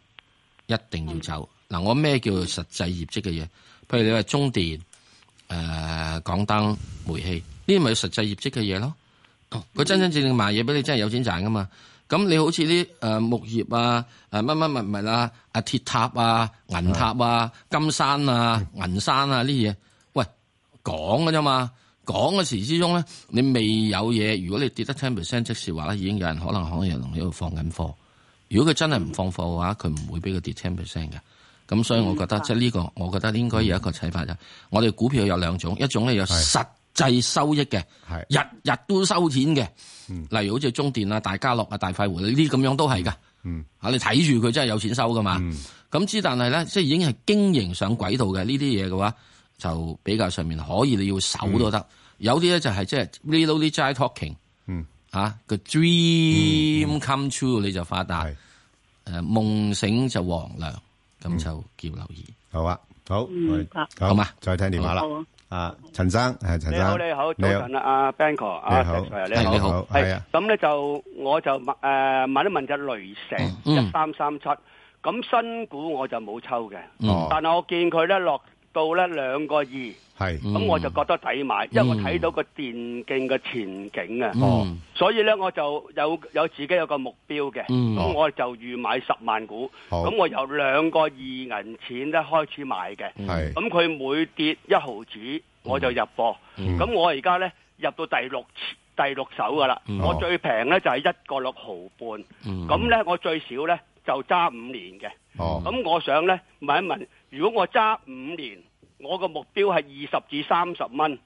一定要走。嗱、嗯啊，我咩叫實際業績嘅嘢？譬如你話中電、誒、呃、港燈、煤氣呢，啲咪實際業績嘅嘢咯。佢、嗯、真真正正賣嘢俾你，真係有錢賺噶嘛？咁你好似啲誒木業啊、誒乜乜物物啊、啊鐵塔啊、銀塔啊、金山啊、銀、嗯、山啊呢啲嘢，喂，講㗎啫嘛。講嘅時之中咧，你未有嘢。如果你跌得10%，即係話咧，已經有人可能可能有人喺度放緊貨。如果佢真係唔放貨嘅話，佢唔會俾佢跌10%嘅。咁所以我覺得、嗯、即係、這、呢個，我覺得應該有一個睇法。就、嗯，我哋股票有兩種，一種咧有實際收益嘅，日日、日都收錢嘅、嗯，例如好似中電啊、大家樂啊、大快活呢啲咁樣都係噶、嗯。你睇住佢真係有錢收噶嘛？咁、嗯、之但係咧，即係已經係經營上軌道嘅呢啲嘢嘅話。就比較上面可以，你要守都得、嗯。有啲咧就係即係 little talking 嗯啊個 dream come true 你就發達，誒、嗯、夢醒就黃粱，咁、嗯、就叫留意。好啊，好，嗯、好嘛、啊啊，再聽電話啦。啊，啊陳生，誒陳生，
你好，你好，早晨啦，
阿 Banker，你好，你好，係啊。咁咧、啊啊啊、就我就、呃、問誒一問隻雷蛇一三三七，咁、嗯嗯、新股我就冇抽嘅、
嗯，但
係我見佢咧落。到咧兩個二，
咁、嗯、我
就覺得抵買，因為我睇到個電競嘅前景啊、嗯，所以咧我就有有自己有個目標嘅，咁、嗯、我就預買十萬股，咁、哦、我由兩個二銀錢咧開始買嘅，咁佢每跌一毫子我就入貨，咁、嗯、我而家咧入到第六第六手噶啦，我最平咧就係一個六毫半，咁、嗯、咧我最少咧就揸五年嘅，咁、嗯、我想咧問一問。如果我揸五年，我個目標係二十至三十蚊，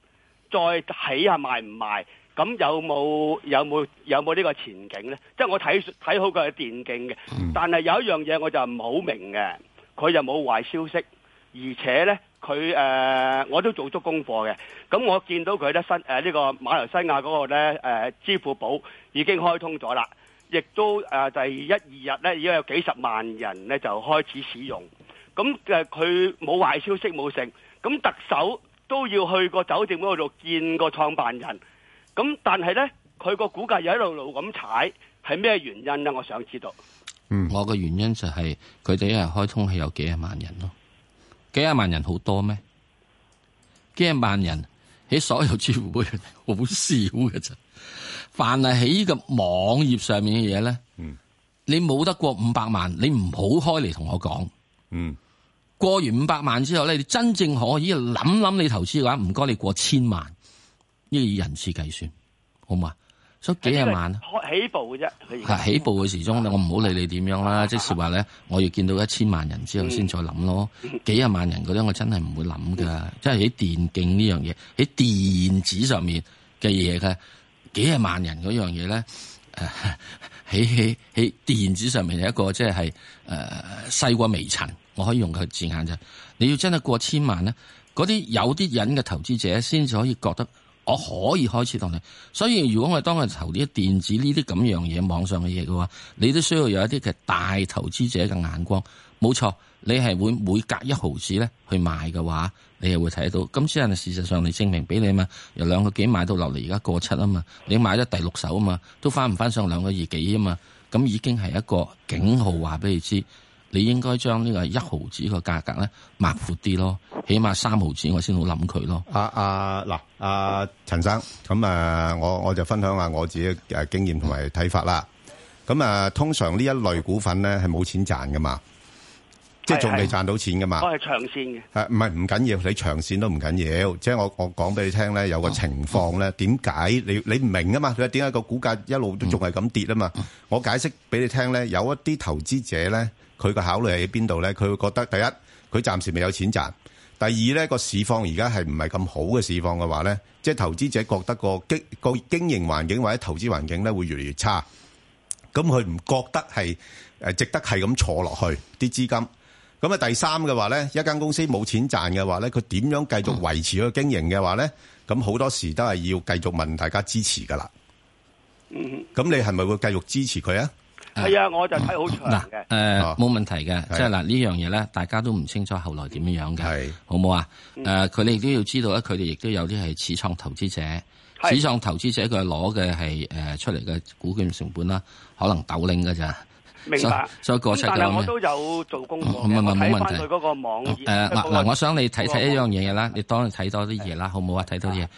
再睇下賣唔賣，咁有冇有冇有冇呢個前景呢？即係我睇睇好佢係電競嘅，但係有一樣嘢我就唔好明嘅，佢就冇壞消息，而且呢，佢誒我都做足功課嘅，咁我見到佢咧新誒呢個馬來西亞嗰個咧誒支付寶已經開通咗啦，亦都誒第一二日呢，已經有幾十萬人呢，就開始使用。咁誒，佢冇壞消息冇，成咁特首都要去個酒店嗰度見個創辦人，咁但係咧，佢個股價又一路路咁踩，係咩原因咧？我想知道。嗯、
mm.，我個原因就係佢哋一日開通係有幾廿萬人咯，幾廿萬人好多咩？幾廿萬人喺所有支付會 edi... 好少嘅啫。凡係喺個網頁上面嘅嘢咧，嗯，你冇得過五百萬，你唔好開嚟同我講，嗯、mm.。過完五百萬之後咧，你真正可以諗諗你投資嘅話，唔該你過千萬，呢個以人次計算，好嘛？所以幾廿萬開
起步嘅啫。吓起步
嘅時鐘，我唔好理你點樣啦。即、就是話咧，我要見到一千萬人之後先再諗咯、嗯。幾廿萬人嗰啲，我真係唔會諗噶、嗯。即係喺電競呢樣嘢喺電子上面嘅嘢嘅，幾廿萬人嗰樣嘢咧，喺喺喺電子上面係一個即係誒細過微塵。我可以用佢字眼啫，你要真係過千萬咧，嗰啲有啲人嘅投資者先至可以覺得我可以開始同你。所以如果我哋當日投啲電子呢啲咁樣嘢，網上嘅嘢嘅話，你都需要有一啲嘅大投資者嘅眼光。冇錯，你係會每隔一毫子咧去賣嘅話，你係會睇到。咁之係事實上，你證明俾你嘛，由兩個幾買到落嚟而家過七啊嘛，你買咗第六手啊嘛，都翻唔翻上兩個二幾啊嘛，咁已經係一個警號，話俾你知。你應該將呢個一毫子個價格咧，擘闊啲咯，起碼三毫子我才想、啊啊啊、先好諗佢咯。
阿阿嗱，阿陳生，咁啊，我我就分享下我自己嘅經驗同埋睇法啦。咁、嗯、啊，通常呢一類股份咧係冇錢賺㗎嘛，嗯、即係仲未賺到錢㗎嘛。嗯、我係
長線
嘅。唔係唔緊要，你長線都唔緊要，要。即係我我講俾你聽咧，有個情況咧，點、嗯、解你你唔明啊嘛？佢點解個股價一路都仲係咁跌啊嘛、嗯？我解釋俾你聽咧，有一啲投資者咧。佢嘅考慮喺邊度呢？佢會覺得第一，佢暫時未有錢賺；第二，呢個市況而家係唔係咁好嘅市況嘅話呢，即係投資者覺得個經個經營環境或者投資環境呢會越嚟越差，咁佢唔覺得係值得係咁坐落去啲資金。咁啊第三嘅話呢，一間公司冇錢賺嘅話呢，佢點樣繼續維持佢個經營嘅話呢，咁好多時都係要繼續問大家支持噶啦。咁你係咪會繼續支持佢啊？
係、uh, 啊，我就睇好長嗱，誒、uh, uh,，冇、
uh, um, uh, 問題嘅、uh,，即係嗱呢樣嘢咧，uh, 大家都唔清楚後來點樣樣嘅，uh, 好冇啊？誒，佢哋亦都要知道咧，佢哋亦都有啲係始創投資者，uh, 始創投資者佢攞嘅係誒出嚟嘅股權成本啦，uh. 可能斗零噶咋？Uh, 明白所以過去嘅。但係我都有
做功課，睇、uh, 翻個網
嗱嗱，uh, uh, 我想你睇睇一樣嘢嘢啦，你當睇多啲嘢啦，好冇啊？睇多啲嘢，誒、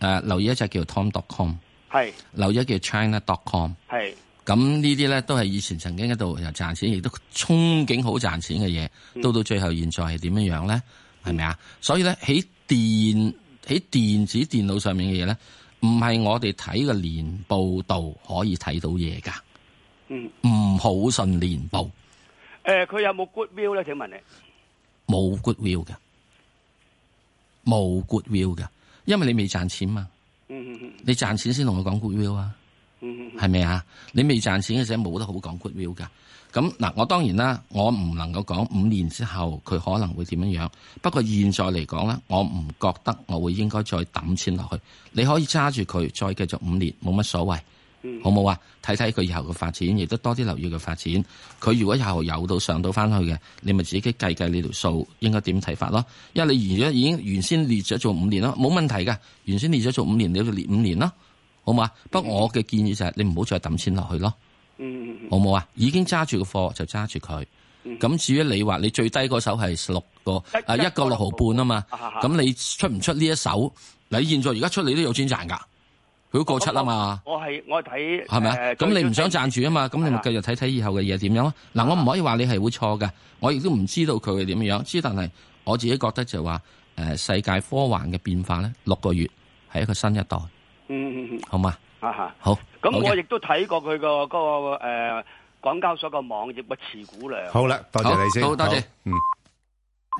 uh,，留意一隻叫 Tom.com，係。留意一隻叫 China.com，係。咁呢啲咧都係以前曾經喺度又賺錢，亦都憧憬好賺錢嘅嘢，到到最後現在係點樣樣咧？係咪啊？所以咧喺電喺電子電腦上面嘅嘢咧，唔係我哋睇個年報度可以睇到嘢噶。嗯，唔好信年報。
誒、欸，佢有冇 goodwill 咧？請問你
冇 goodwill 㗎，冇 goodwill 㗎，因為你未賺錢嘛。嗯嗯，你賺錢先同佢講 goodwill 啊。係咪啊？你未賺錢嘅時，冇得好講 goodwill 噶。咁嗱，我當然啦，我唔能夠講五年之後佢可能會點樣樣。不過現在嚟講咧，我唔覺得我會應該再抌錢落去。你可以揸住佢再繼續五年，冇乜所謂，好冇啊？睇睇佢以後嘅發展，亦都多啲留意佢發展。佢如果以後有到上到翻去嘅，你咪自己計計你條數，應該點睇法咯？因為你如果已經原先列咗做五年咯，冇問題㗎。原先列咗做五年，你就列五年咯。好嘛？不過，我嘅建議就係你唔好再抌錢落去咯。嗯，嗯，好冇啊？已經揸住個貨就揸住佢。咁、嗯、至於你話你最低嗰手係十六個、嗯、啊，一個六毫半啊嘛。咁、啊啊、你出唔出呢一手，啊啊你出出一手啊啊？你現在而家出你都有錢賺噶，佢、啊啊、過七啊嘛。
我係我係睇係咪咁你唔想賺住啊嘛？咁你咪繼續
睇睇以後嘅嘢點樣咯。嗱、啊啊，我唔可以話你係會錯㗎，我亦都唔知道佢點樣。之、啊、但係我自己覺得就話、呃、世界科幻嘅變化咧，六個月係一個新一代。嗯嗯嗯，好嘛啊吓，好咁，我亦
都睇過佢個嗰個誒，港交所個網頁嘅持股量。好啦，多謝你先，好，好多謝
好，嗯。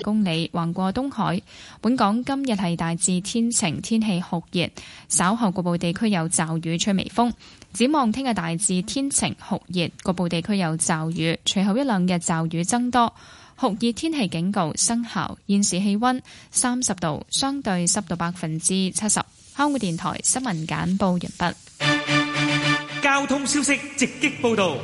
公里橫過東海，本港今日係大致天晴，天氣酷熱，稍後局部地區有驟雨，吹微風。展望聽日大致天晴酷熱，局部地區有驟雨，隨後一兩日驟雨增多，酷熱天氣警告生效。現時氣溫三十度，相對濕度百分之七十。香港電台新聞簡報完畢。交通消息直擊報道。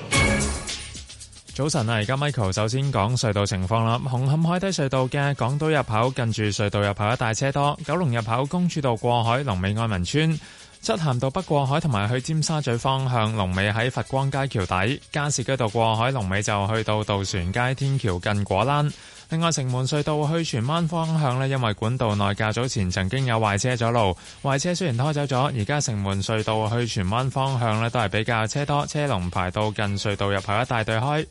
早晨啊，而家 Michael 首先講隧道情況啦。紅磡海底隧道嘅港島入口近住隧道入口一帶車多。九龍入口公主道過海龍尾愛民村，漆咸道北過海同埋去尖沙咀方向龍尾喺佛光街橋底。加士居道過海龍尾就去到渡船街天橋近果欄。另外，城門隧道去荃灣方向呢，因為管道內較早前曾經有壞車阻路，壞車雖然拖走咗，而家城門隧道去荃灣方向呢都係比較車多，車龍排到近隧道入口一大隊開。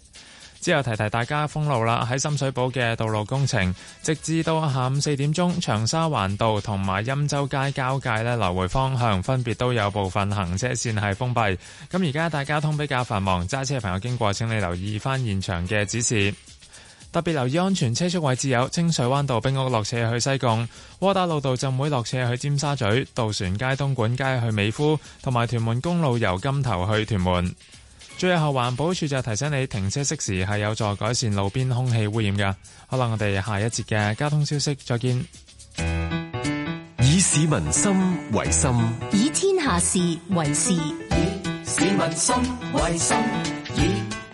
之後提提大家封路啦，喺深水埗嘅道路工程，直至到下午四點鐘，長沙環道同埋欽州街交界呢，來回方向分別都有部分行車線係封閉。咁而家大交通比較繁忙，揸車嘅朋友經過請你留意翻現場嘅指示。特別留意安全車速位置有清水灣道、冰屋落車去西貢、窩打老道浸會落車去尖沙咀、渡船街、東莞街去美孚，同埋屯門公路由金頭去屯門。最後，環保署就提醒你停車熄匙係有助改善路邊空氣污染㗎。好喇，我哋下一節嘅交通消息再見。以市民心為心，
以天下事為事，以市民心為心。以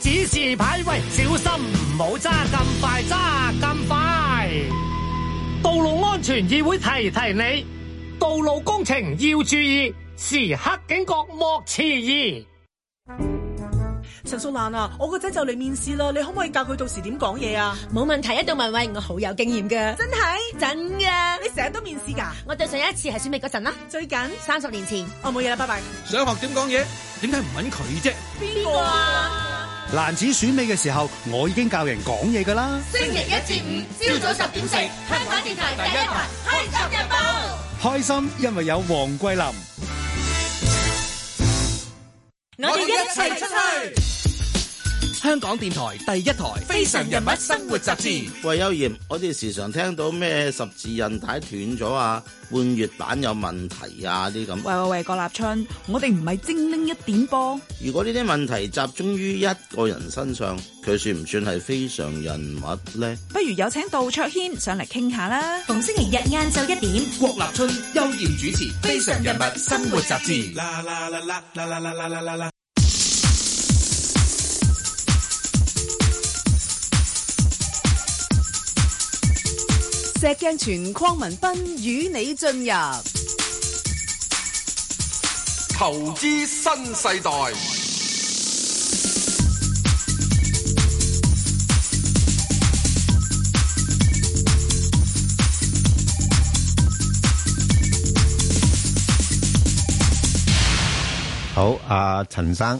指示牌，喂，小心唔好揸咁快，揸咁快。道路安全議會提提你，道路工程
要注意，時刻警覺莫遲疑。
陳淑蘭啊，我個仔就嚟面試啦，你可唔可以教佢到時點講嘢啊？冇問題啊，杜文偉，我好有經驗噶，真係真嘅、啊。你成日都面試噶、啊？我對上一次係選美嗰陣啦，最近三十年前。我冇嘢啦，拜拜。
想學點講嘢，點解唔揾佢啫？邊個啊？男子選美嘅時候，我已經教人講嘢噶啦。
星期一至五朝
早十點四，香港電台第一台《開心日報》，
開心因為有黃
桂林。
我哋一齊出去。
香港電台第一台《非
常人物生活雜誌》。喂，邱賢，我哋時常聽到咩十字韌帶斷咗啊、半月板有問題啊啲咁。喂
喂喂，郭立春，我哋唔係精靈一點噃。
如果呢啲問題集中於一個人身上，佢算唔算係非常人物咧？
不如有請杜卓謙上嚟傾下啦。逢星期日晏晝一點，郭立春、邱賢主持《非常
人物生活雜誌》啦。啦啦啦啦啦啦
石鏡泉鄺民彬與你進入投資新世代。
好，阿、呃、陳生。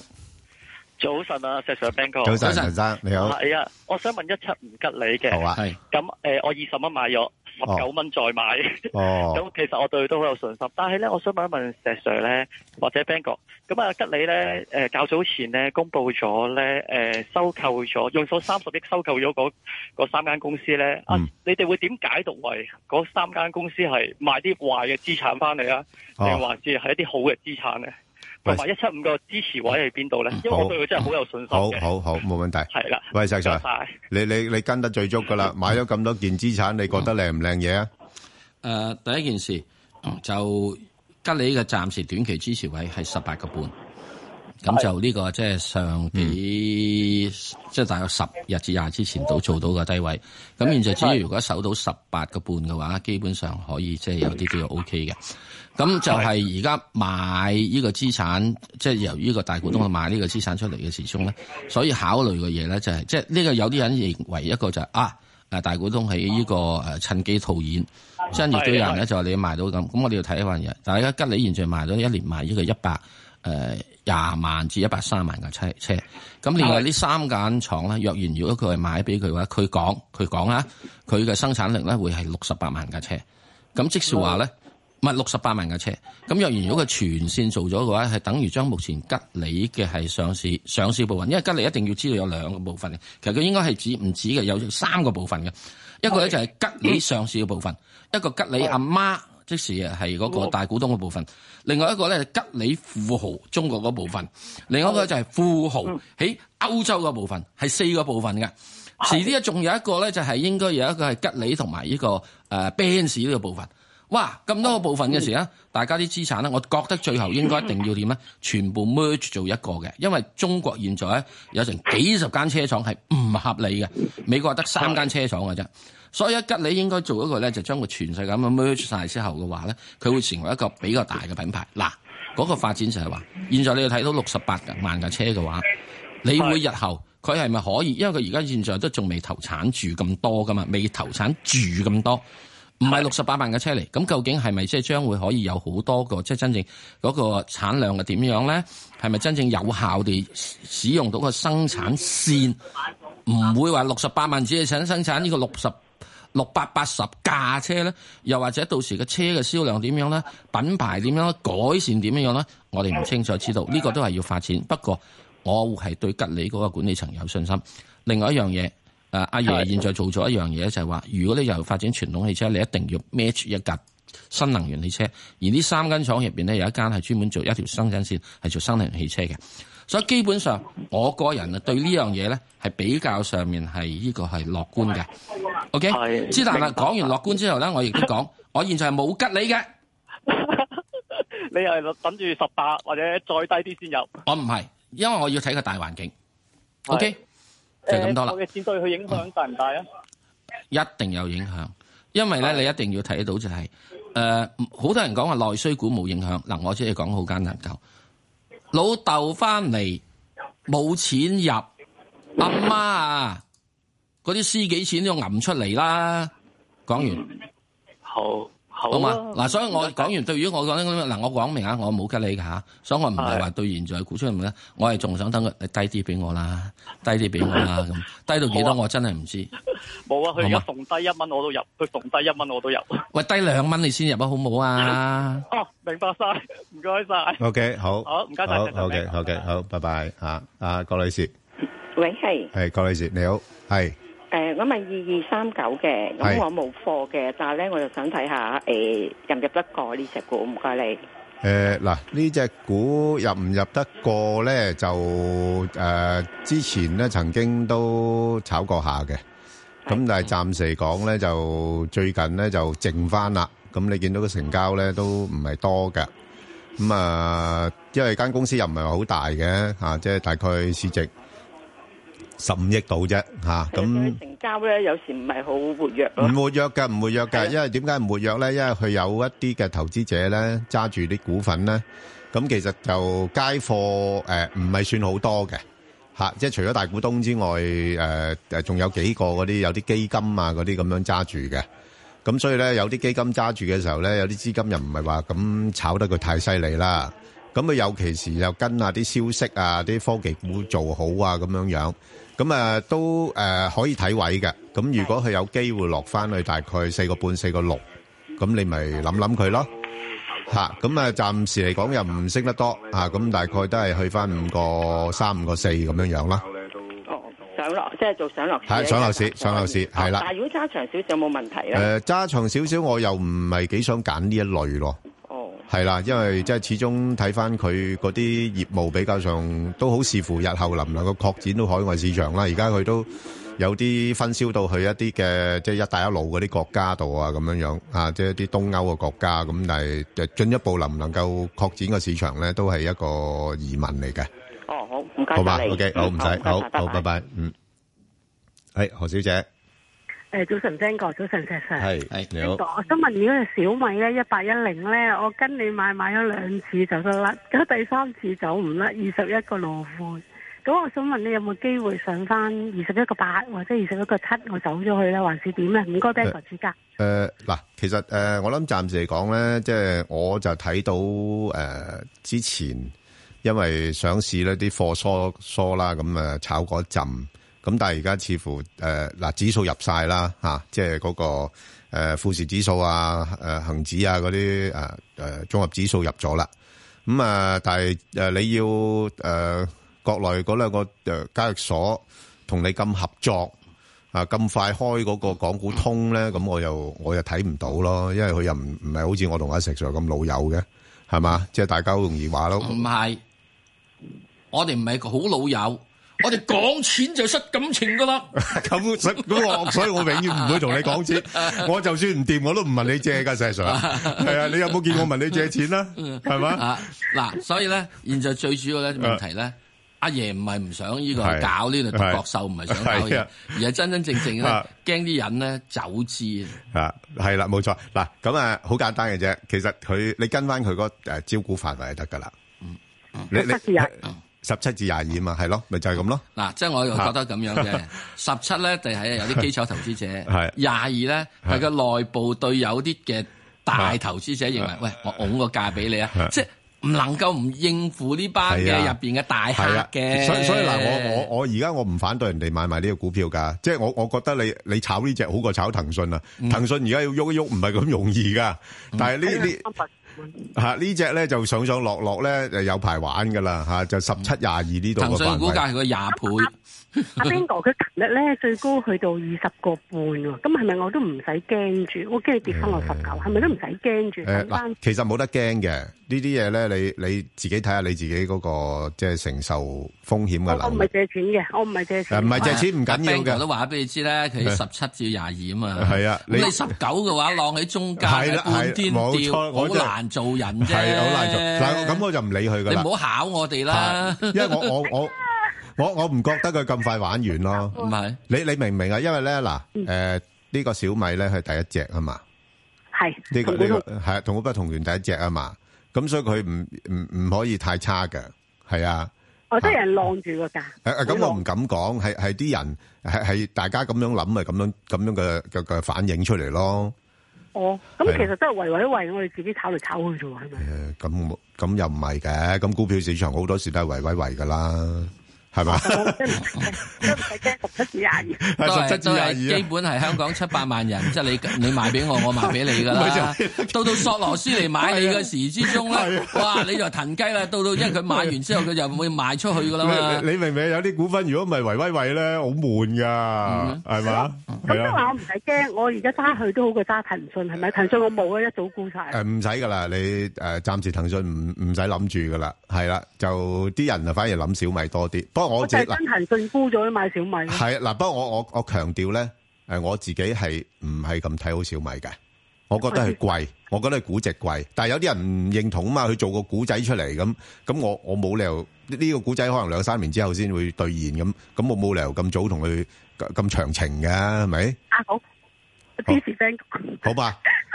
早晨
啊，石 Sir，Bang 哥，早晨，
生你好。係啊，
我想問一七唔吉利嘅，好啊，咁誒、呃，我二十蚊買咗，十九蚊再買，咁、哦、 [laughs] 其實我對佢都好有信心。但係咧，我想問一問石 Sir 咧，或者 Bang 哥，咁、呃、啊，吉利咧誒較早前咧公佈咗咧誒收購咗，用咗三十億收購咗嗰三間公司咧、嗯啊，你哋會點解讀為嗰三間公司係賣啲壞嘅資產翻嚟啊，
定、
哦、還
是係一啲好嘅資產咧？我話一七五個支持位喺邊度咧？因為我對佢真
係好有信心好。
好好好，冇問題。係啦，喂，石 s 你你你跟得最足噶啦，買咗咁多件
資產，你覺得靚唔靚嘢啊？誒、呃，第一件事就吉，你呢個暫時短期支持位係十八個半。咁就呢個即係上幾，即、嗯、係、就是、大約十日至廿之前度做到個低位。咁現在只要如果守到十八個半嘅話，基本上可以即係、就是、有啲啲 O K 嘅。咁就係而家買呢個資產，即係由呢個大股東去買呢個資產出嚟嘅時鐘咧。所以考慮嘅嘢咧就係，即係呢個有啲人認為一個就係啊，大股東喺呢個啊趁機套現，真而亦人咧、啊、就話你買到咁。咁、啊、我哋要睇一樣嘢。但係而家吉利現在賣到一年賣呢個一百誒廿萬至一百三萬架車，咁另外呢三間廠咧，若然如果佢係買俾佢嘅話，佢講佢講啊，佢嘅生產力咧會係六十八萬架車。咁即是話咧。啊係六十八萬架車，咁若然如果佢全線做咗嘅話，係等於將目前吉利嘅係上市上市部分，因為吉利一定要知道有兩個部分嘅，其實佢應該係指唔止嘅，有三個部分嘅。一個咧就係吉利上市嘅部分，一個吉利阿媽，即時係嗰個大股東嘅部分，另外一個咧係吉利富豪中國嗰部分，另外一個就係富豪喺歐洲嗰部分，係四個部分嘅。遲啲啊，仲有一個咧就係應該有一個係吉利同埋呢個誒、呃、Benz 呢個部分。哇！咁多個部分嘅時候，大家啲資產咧，我覺得最後應該一定要點咧，全部 merge 做一個嘅，因為中國現在有成幾十間車廠係唔合理嘅，美國得三間車廠嘅啫，所以一吉利應該做一個咧，就將個全世界咁樣 merge 晒之後嘅話咧，佢會成為一個比較大嘅品牌。嗱，嗰、那個發展就係話，現在你要睇到六十八萬架車嘅話，你會日後佢係咪可以？因為佢而家現在都仲未投產住咁多噶嘛，未投產住咁多。唔係六十八萬嘅車嚟，咁究竟係咪即係將會可以有好多個即係、就是、真正嗰個產量嘅點樣咧？係咪真正有效地使用到個生產線？唔會話六十八萬只係想生產呢個六十六百八十架車咧？又或者到時個車嘅銷量點樣咧？品牌點樣咧？改善點樣樣咧？我哋唔清楚知道呢、這個都係要發展。不過我會係對吉利嗰個管理層有信心。另外一樣嘢。誒、啊，阿爺現在做咗一樣嘢，就係話，如果你又發展傳統汽車，你一定要 match 一架新能源汽車。而呢三間廠入邊呢，有一間係專門做一條生產線，係做新能源汽車嘅。所以基本上，我個人啊對呢樣嘢咧，係比較上面係呢個係樂觀嘅。O K，之但係講完樂觀之後咧，我亦都講， [laughs] 我現在係冇吉 [laughs] 你嘅。
你又諗住十八或者再低啲先入？
我唔係，因為我要睇個大環境。O K。Okay? 就咁多啦。欸、
我嘅錢對佢影響大唔
大啊、嗯？一定有影響，因為咧你一定要睇得到就係、是，誒、呃，好多人講話內需股冇影響。嗱、呃，我即係講好簡單就。老豆翻嚟冇錢入，阿媽啊，嗰啲私己錢都要揞出嚟啦。講完。好。好嘛？嗱，所以我講完對於我講咧嗱，我講明啊，我冇吉你噶吓，所以我唔係話對現在股出嚟咧，我係仲想等佢低啲俾我啦，低啲俾我啦，咁低到幾多我真係唔知。
冇啊，佢而家逢低一蚊我都入，佢逢低一蚊我都入。
喂，低兩蚊你先入啊，好唔好啊？
哦，明白曬，唔該曬。O K，好。好，唔該
曬。O K，O K，好，拜拜嚇。啊，郭女士。
喂，係。
係，郭女士，你好，係。
誒，我咪二
二三九嘅，咁我冇貨嘅，但係咧，我就想睇下誒入唔入得過呢隻股唔該你。誒嗱，呢隻股入唔入得過咧？就誒之前咧曾經都炒過下嘅，咁但係暫時嚟講咧，就最近咧就靜翻啦。咁你見到個成交咧都唔係多嘅，咁啊，因為間公司又唔係好大嘅嚇，即係大概市值。十五億度啫，嚇咁成交咧，
有時唔係
好活躍咯。唔活躍㗎，唔活躍㗎，因為點解唔活躍咧？因為佢有一啲嘅投資者咧，揸住啲股份咧，咁其實就街貨誒唔係算好多嘅嚇，即係除咗大股東之外，誒誒仲有幾個嗰啲有啲基金啊嗰啲咁樣揸住嘅，咁所以咧有啲基金揸住嘅時候咧，有啲資金又唔係話咁炒得佢太犀利啦，咁佢有其時又跟下啲消息啊，啲科技股做好啊咁樣樣。咁啊，都誒可以睇位嘅。咁如果佢有機會落翻去大概四個半、四個六，咁你咪諗諗佢咯。嚇，咁啊，暫時嚟講又唔升得多嚇，咁大概都係去翻五個三、五個四咁樣樣啦。哦，
上落即係做上落市。係上落市，上落市係啦。但係如果揸長
少少冇問題
咧。誒，揸長少少，我又唔係幾想揀呢一類咯。係啦，因為即係始終睇翻佢嗰啲業務比較上都好視乎日後能唔能夠擴展到海外市場啦。而家佢都有啲分銷到去一啲嘅，即係一帶一路嗰啲國家度啊，咁樣樣啊，即係一啲東歐嘅國家咁。但係進一步能唔能夠擴展個市場咧，都係一個疑問嚟嘅。哦，好，唔該，好嘛，OK，好，唔使，好，好，拜拜，嗯，誒，何小姐。
誒，
早
晨，n 彬哥，早晨，石 Sir。係係你好。我想問，如果係小米咧，一八一零咧，我跟你買買咗兩次就得甩，咁第三次走唔甩，二十一個羅盤。咁我想問你，有冇機會上翻二十一個八或者二十一個七？我走咗去咧，還是點咧？唔該，彬哥
指教。誒，嗱，其實誒、呃，我諗暫時嚟講咧，即、就、係、是、我就睇到誒、呃，之前因為上市咧啲貨疏疏啦，咁誒炒過一陣咁但係而家似乎誒嗱、呃、指數入晒啦吓，即係嗰、那個誒、呃、富時指數啊、誒、呃、恒指啊嗰啲誒誒綜合指數入咗啦。咁啊，但係誒、啊、你要誒、呃、國內嗰兩個交易、呃、所同你咁合作啊咁快開嗰個港股通咧，咁我又我又睇唔到咯，因為佢又唔唔係好似我同阿石 Sir 咁老友嘅，係嘛？
即係大家好容易話咯。唔係，我哋唔係好老友。我哋講錢就失感情噶啦，咁 [laughs] 所咁我所以我永遠唔會同你講錢， [laughs] 我
就算唔掂我都唔問你借噶，石 Sir，係啊，你有冇見過我問你借錢、 [laughs] 啊、
啦？係嘛？嗱，所以咧，現在最主要咧問題咧，阿爺唔係唔想呢、這個搞呢度獨角獸，唔係想搞嘢、啊，而係真真正正咧驚啲人咧走資啊，
係啦，冇錯，嗱咁啊，好、啊啊啊、簡單嘅啫，其實佢你跟翻佢嗰誒招股範圍就得噶啦，嗯，你、啊、你。啊嗯十七至廿二嘛，係咯，咪就係咁咯。嗱、
啊，即係我又覺得咁樣嘅，十七咧就係有啲基礎投資者，廿二咧係個內部對有啲嘅大投資者認為， [laughs] 喂，我㧬個價俾你啊， [laughs] 即係唔能夠唔應付呢班嘅入邊嘅大客嘅。所以所以嗱，我我我
而家我唔反對人哋買埋呢個股票噶，即係我我覺得你你炒呢隻好過炒騰訊啊，騰訊而家要喐一喐唔係咁容易噶，但係呢啲。嗯嗯嗯嗯嗯吓、啊、呢隻咧就上上落落咧就有排玩噶啦吓，就十七廿二呢度騰訊股價
係個廿倍。
阿 Bingo
佢琴日咧最高去到二十個半，咁係咪我都唔使驚住？我驚佢跌翻落十九，係咪都唔使驚住？嗱，
其實冇得驚嘅呢啲嘢咧，你你自己睇下你自己嗰個即係承受風險噶啦。我唔
係
借錢嘅，我唔係借錢。唔係借錢唔緊要嘅。我都話俾你知啦，佢十七至廿二啊嘛。係啊，咁你十九嘅話，晾喺中間，上天掉好難做人啫。好難做。嗱，
咁我就唔理佢噶啦。你唔好
考我哋啦，因為我我
我。我我唔覺得佢咁快玩完咯，唔係你你明唔明啊？因為咧嗱，誒呢個小米咧係第一隻啊嘛，係呢個呢個係同股不同權第一隻啊嘛，咁所以佢唔唔唔可以太差㗎，係啊。我覺得有人
晾住個價。誒誒，咁我唔
敢講，係係啲人係係大家咁樣諗咪咁樣咁樣嘅嘅嘅反應出嚟咯。
哦，咁其實都係圍威喂，我哋自己炒嚟炒去啫喎，
係咪？誒，咁咁又唔係嘅，咁股票市場好多時都係圍威喂噶啦。係嘛？
因為唔使驚，十七至廿二，都係七至廿二。基本係香港七百萬人，即係你你賣俾我，我賣俾你噶啦。到到索羅斯嚟買你嘅時之中咧，哇！你就騰雞啦。到到因為佢買完之後，佢就唔會賣出去噶啦嘛。你
明唔明？有啲股份如果唔係維威偉咧，好悶噶，係嘛？咁即係話我唔使驚，我而家揸佢都好過揸騰訊，係
咪？騰訊我冇啊，一
早沽晒。誒，唔使噶啦，你誒暫時騰訊唔唔使諗住噶啦，係啦，就啲人就反而諗小米多啲。我係真係信
估咗買小米，係
嗱。不過我我我強調咧，誒，我自己係唔係咁睇好小米嘅。我覺得係貴，我覺得係估值貴。但係有啲人唔認同啊嘛，佢做個古仔出嚟咁咁，我我冇理由呢個古仔可能兩三年之後先會兌現咁，咁我冇理由咁早同佢咁長情嘅係咪？
啊，好支持 friend，好嘛？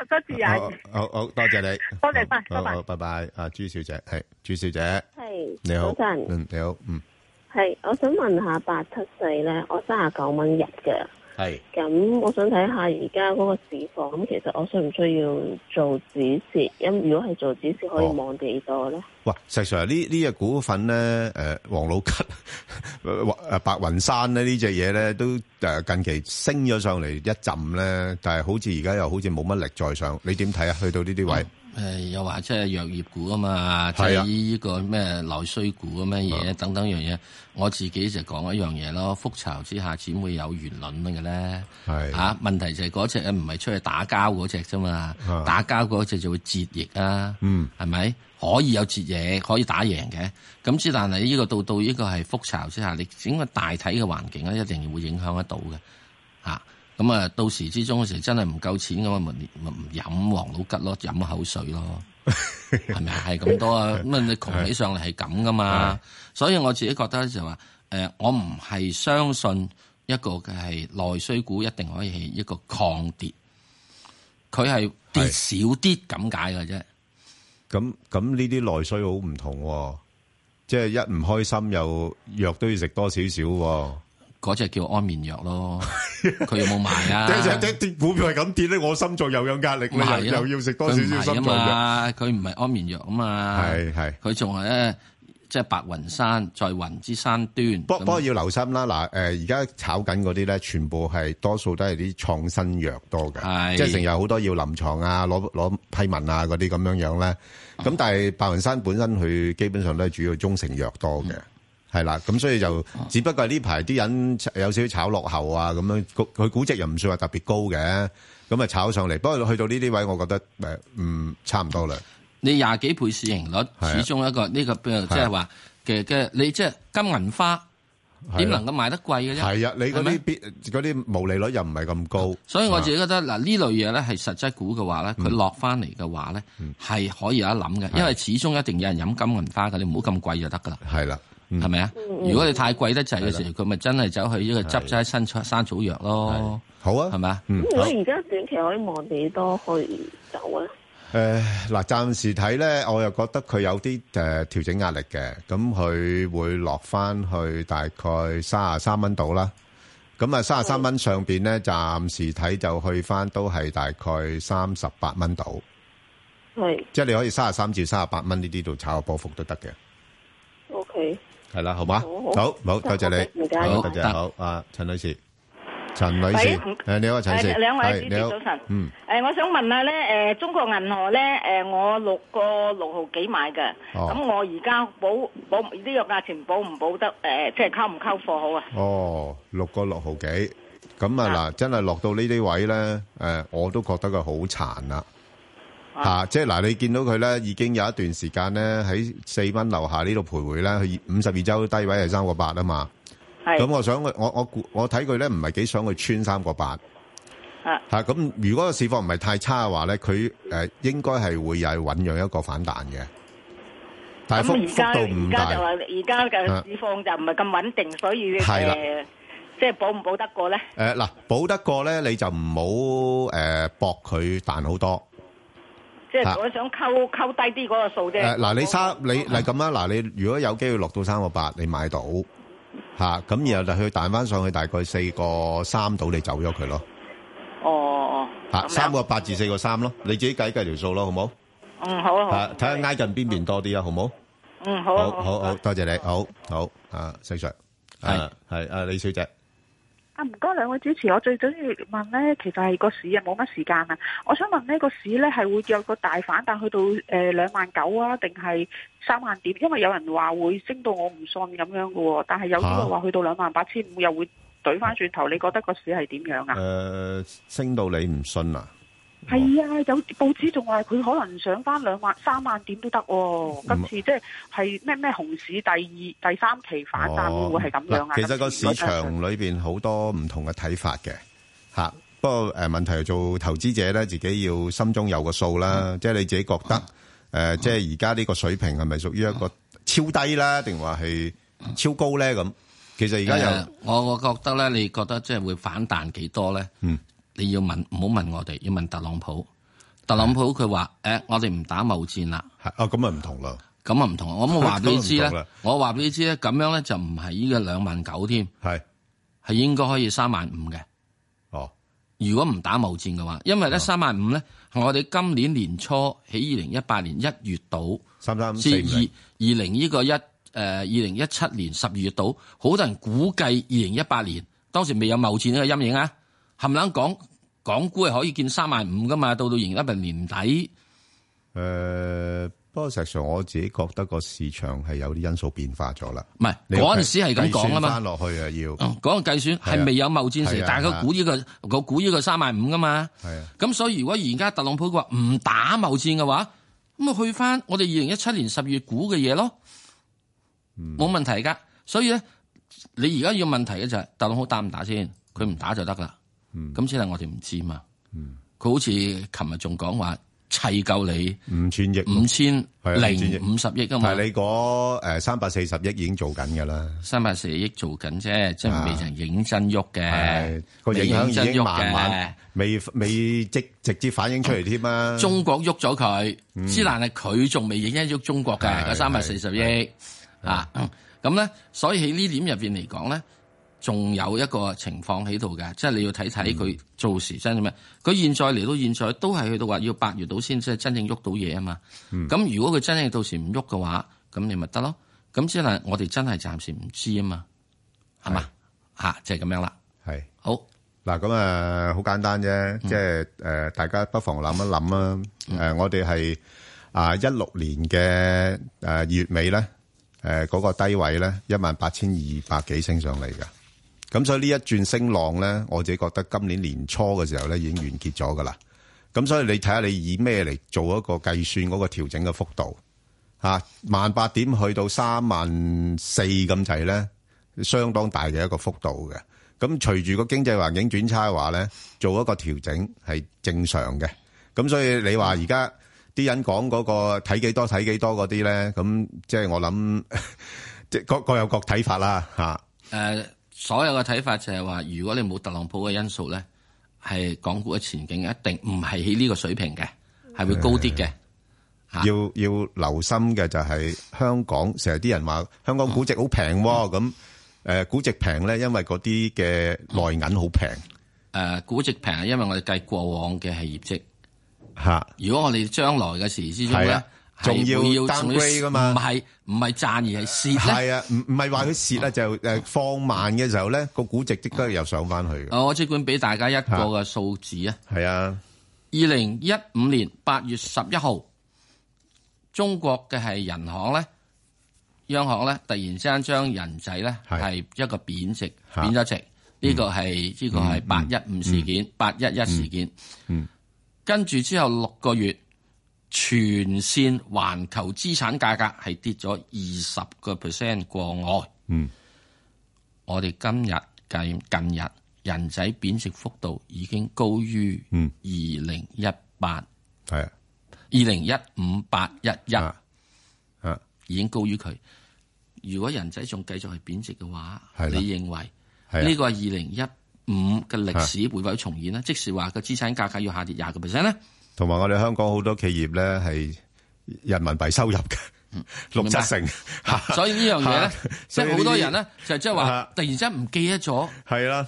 多謝阿，
好，好多謝你，
多謝，拜
拜，拜拜，阿朱小姐係，朱小姐係，
你好，早晨，嗯，你好，嗯。係，我想問一下八七四咧，我三十九蚊入嘅，咁我想
睇下
而家嗰個市況，咁其實我需唔需要做指蝕？因為如果係做指蝕，可以望幾多咧、哦？哇！實際呢呢隻股份咧，誒、呃、黃老吉白雲山咧呢隻嘢咧都近期升咗上嚟一陣咧，但係好似而家又好似冇乜力再上，你點睇啊？去到呢啲位？嗯
誒、哎，又話即係藥業股啊嘛，即係依個咩內需股咁樣嘢等等樣嘢，啊，我自己就講一樣嘢咯。覆巢之下，怎會有完卵嘅咧？問題就係嗰隻唔係出去打交嗰隻啫嘛，打交嗰隻就會折翼啊。嗯，係咪可以有折嘢，可以打贏嘅？咁之但係呢個到到呢個係覆巢之下，你整個大體嘅環境咧，一定會影響得到嘅，啊咁啊，到時之中嗰時真係唔夠錢嘅話，咪咪唔飲王老吉咯，飲口水咯，係咪係咁多啊？咁你窮起上嚟係咁噶嘛？係係，所以我自己覺得就話，誒、呃，我唔係相信一個係內需股一定可以係一個抗跌，佢係跌少啲咁解嘅啫。咁咁呢啲
內需好唔同、哦，即係一唔開心又藥都要食多少少。
嗰隻叫安眠藥咯，佢 [laughs] 有冇賣啊？
股票係咁跌咧，我心臟又有壓力，又、啊、又要食多少少、啊、心臟
藥。佢唔係安眠藥啊嘛，係係。佢仲係咧，即係、就是、白雲山在雲之山端。不不過要留
心啦，嗱誒，而家炒緊嗰啲咧，全部係多數都係啲創新藥多嘅，即係成日好多要臨床啊，攞攞批文啊嗰啲咁樣樣咧。咁、啊、但係白雲山本身佢基本上都係主要中成藥多嘅。嗯係啦，咁所以就，只不過係呢排啲人有少少炒落後啊，咁樣佢估值又唔算話特別高嘅，咁啊炒上嚟，不過去到呢啲位，我覺得誒，嗯，差唔多啦。你
廿幾倍市盈率，始終一個呢個，即係話嘅嘅，你即係金銀花，點能夠賣得貴嘅啫？係啊，你
嗰啲嗰啲毛利率又唔係咁高。所以我自己
覺得嗱，呢類嘢咧係實質股嘅話咧，佢落翻嚟嘅話咧，係、嗯、可以有一諗嘅，因為始終一定有人飲金銀花噶，你唔好咁貴就得噶啦。係啦。係咪啊？如果你太貴得滯嘅時候，佢、嗯、咪真係走去一個執齋生草生草藥咯。好啊，係咪啊？咁我而家短期可以望
幾多
去走
啊？誒，嗱、呃，暫時睇咧，我又覺得佢
有啲誒調整壓力嘅，咁佢會落翻去大概卅啊三蚊度啦。咁啊，卅啊三蚊上邊咧，暫時睇就去翻都係大概三十八蚊度。係。即係你可以卅啊三至卅啊八蚊呢啲度炒個波幅都得嘅。OK。係啦，好嘛？好，好，多謝你，好，多謝好，阿陳女士，陳女士，誒，你好啊，陳女士，兩位主持早
晨。
嗯，誒，我想問下咧，誒，中國銀行咧，誒，我六個六毫幾買嘅，咁我而家保保呢個價錢保唔保得？誒，即係溝唔溝貨好
啊？哦，六個六毫幾，咁啊嗱，真係落到呢啲位咧，誒，我都覺得佢好殘啊。啊，即係嗱，你見到佢咧，已經有一段時間咧，喺四蚊樓下呢度徘徊咧，佢五十二周低位係三個八啊嘛。咁我想佢，我我我睇佢咧唔係幾想去穿三個八。啊。咁、啊、如果個市況唔係太差嘅話咧，佢誒、呃、應該係會醞釀一個反彈嘅。但咁而家而家就話，而家嘅市況就唔係咁穩定，啊、
所以係啦，即、呃、係、就是、保
唔保得過咧？嗱、啊，保得過咧你就唔好誒搏佢彈好多。
即係我想溝溝低啲嗰個數啫。誒，嗱，你
三你嗱咁啊，嗱，你如果有機會落到三個八，你買到吓，咁然後就去彈翻上去大概四個三到，你走咗佢咯。哦，吓，三個八至四個三咯，你自己計計條數咯，好冇？嗯，好。吓，睇下挨近邊邊多啲啊，好冇？嗯，
好。好好
好多謝你，好，好，啊，四歲，係係，阿李小姐。
啊，唔該兩位主持，我最緊要問咧，其實係個市啊，冇乜時間啊，我想問呢個市咧係會叫個大反彈去到誒兩萬九啊，定係三萬點？因為有人話會升到我唔信咁樣噶，但係有啲人話去到兩萬八
千五又會懟翻轉頭，你覺得個市係點樣啊？誒、呃，升到你唔信啊？
係、哦、啊，有報紙仲話佢可能上翻兩萬、三萬點都得、哦嗯。今次即係咩咩熊市第二、第三期反彈會會係咁樣啊？哦、其實個市場
裏邊好多唔同嘅睇法嘅吓、嗯。不過誒、呃，問題係做投資者咧，自己要心中有個數啦。嗯、即係你自己覺得誒、嗯呃，即係而家呢個水平係咪屬於一個超低啦，定話係超高咧？咁、嗯、其實而家有？
我、呃、我覺得咧，你覺得即係會反彈幾多咧？嗯。你要問唔好問我哋，要問特朗普。特朗普佢話，誒、欸，我哋唔打貿戰啦，哦。啊，咁咪唔同啦。咁啊唔同，我咁我話俾你知咧，啊。我話俾你知咧，咁、啊樣咧就唔係呢個兩萬九添。係，係應該可以三萬五嘅。哦，如果唔打貿戰嘅話，因為咧三萬五咧，係我哋今年年初喺二零一八年一月到，三三五四年，至二二零一二零一七年十二月到，好多人估計二零一八年當時未有貿戰呢個陰影啊。冚冷講港股係可以見三萬五噶嘛？到到而家嘅年底，誒、呃，
不過實際上我自己覺得個市場係有啲因素變化咗啦。唔係嗰陣時係咁講啊、這個、啊，啊嘛，翻落去啊要
講個計算係未有貿戰時，但係佢估呢個我估呢個三萬五噶嘛。係啊，咁所以如果而家特朗普話唔打貿戰嘅話，咁啊去翻我哋二零一七年十月估嘅嘢咯，冇、嗯、問題噶。所以咧，你而家要問題嘅就係、是、特朗普打唔打先？佢唔打就得啦。咁只係我哋唔知嘛，佢好似琴日仲講話砌夠你五千億、五千零五十億啊嘛，但係你
嗰誒三百四十億已經做緊噶啦，
三百四十億做緊啫，即係未曾認真喐嘅，個影響已經慢慢未未直
直接反映出嚟添啊！中
國喐咗佢，之難係佢仲未認真喐中國嘅嗰三百四十億啊，咁咧，所以喺呢點入邊嚟講咧。仲有一個情況喺度嘅，即係你要睇睇佢做時真係咩。佢、嗯、現在嚟到現在都係去到話要八月到先即係真正喐到嘢啊嘛。咁、嗯、如果佢真正到時唔喐嘅話，咁你咪得咯。咁只能我哋真係暫時唔知啊嘛，係嘛吓，就係、是、咁樣啦。係好嗱，咁啊好簡單啫，即、嗯、係
大家不妨諗一諗啦、嗯呃。我哋係啊一六年嘅、呃、月尾咧，嗰、呃那個低位咧一萬八千二百幾升上嚟㗎。咁所以呢一轉升浪咧，我自己覺得今年年初嘅時候咧已經完結咗噶啦。咁所以你睇下，你以咩嚟做一個計算嗰個調整嘅幅度吓，萬八點去到三萬四咁滯咧，相當大嘅一個幅度嘅。咁隨住個經濟環境轉差嘅話咧，做一個調整係正常嘅。咁所以你話而家啲人講嗰個睇幾多睇幾多嗰啲咧，咁即係我諗即係各各有各睇法啦
吓，uh 所有嘅睇法就係、是、話，如果你冇特朗普嘅因素咧，係港股嘅前景一定唔係喺呢個水平嘅，係會高啲嘅、呃
啊。要要留心嘅就係、是、香港成日啲人話香港估值好平喎，咁誒估值平咧，因為嗰啲嘅內銀好平
誒估值平，因為我哋計過往嘅係業績。如果我哋將來嘅時之中咧。啊啊仲要 downgrade 噶嘛，唔係
唔係賺而係蝕咧？係啊，唔唔係話佢蝕啦，就誒放慢嘅時候咧，個估值，即刻又上翻去嘅。
我即管俾大家一個嘅數字啊。係啊，二零一五年八月十一號，中國嘅係人行咧、央行咧，突然之間將人仔咧係一個貶值、貶、啊、咗值。呢、啊這個係呢、嗯這個係八一五事件、八一一事件。嗯，跟、嗯、住、嗯嗯、之後六個月。全線環球資產價格係跌咗二十個 percent，過外。嗯，我哋今日計近日人仔貶值幅度已經高於嗯二零一八係二零一五八一一，2015811，啊，啊，已經高於佢。如果人仔仲繼續係貶值嘅話、啊，你認為呢個係二零一五嘅歷史會否重現呢？啊、即時話個資產價格要下跌廿個 percent 呢？
同埋我哋香港好多企業咧係人民幣收入嘅
六七成，所以呢樣嘢，咧，即係好多人咧就即係話突然之間唔記得咗，係啦，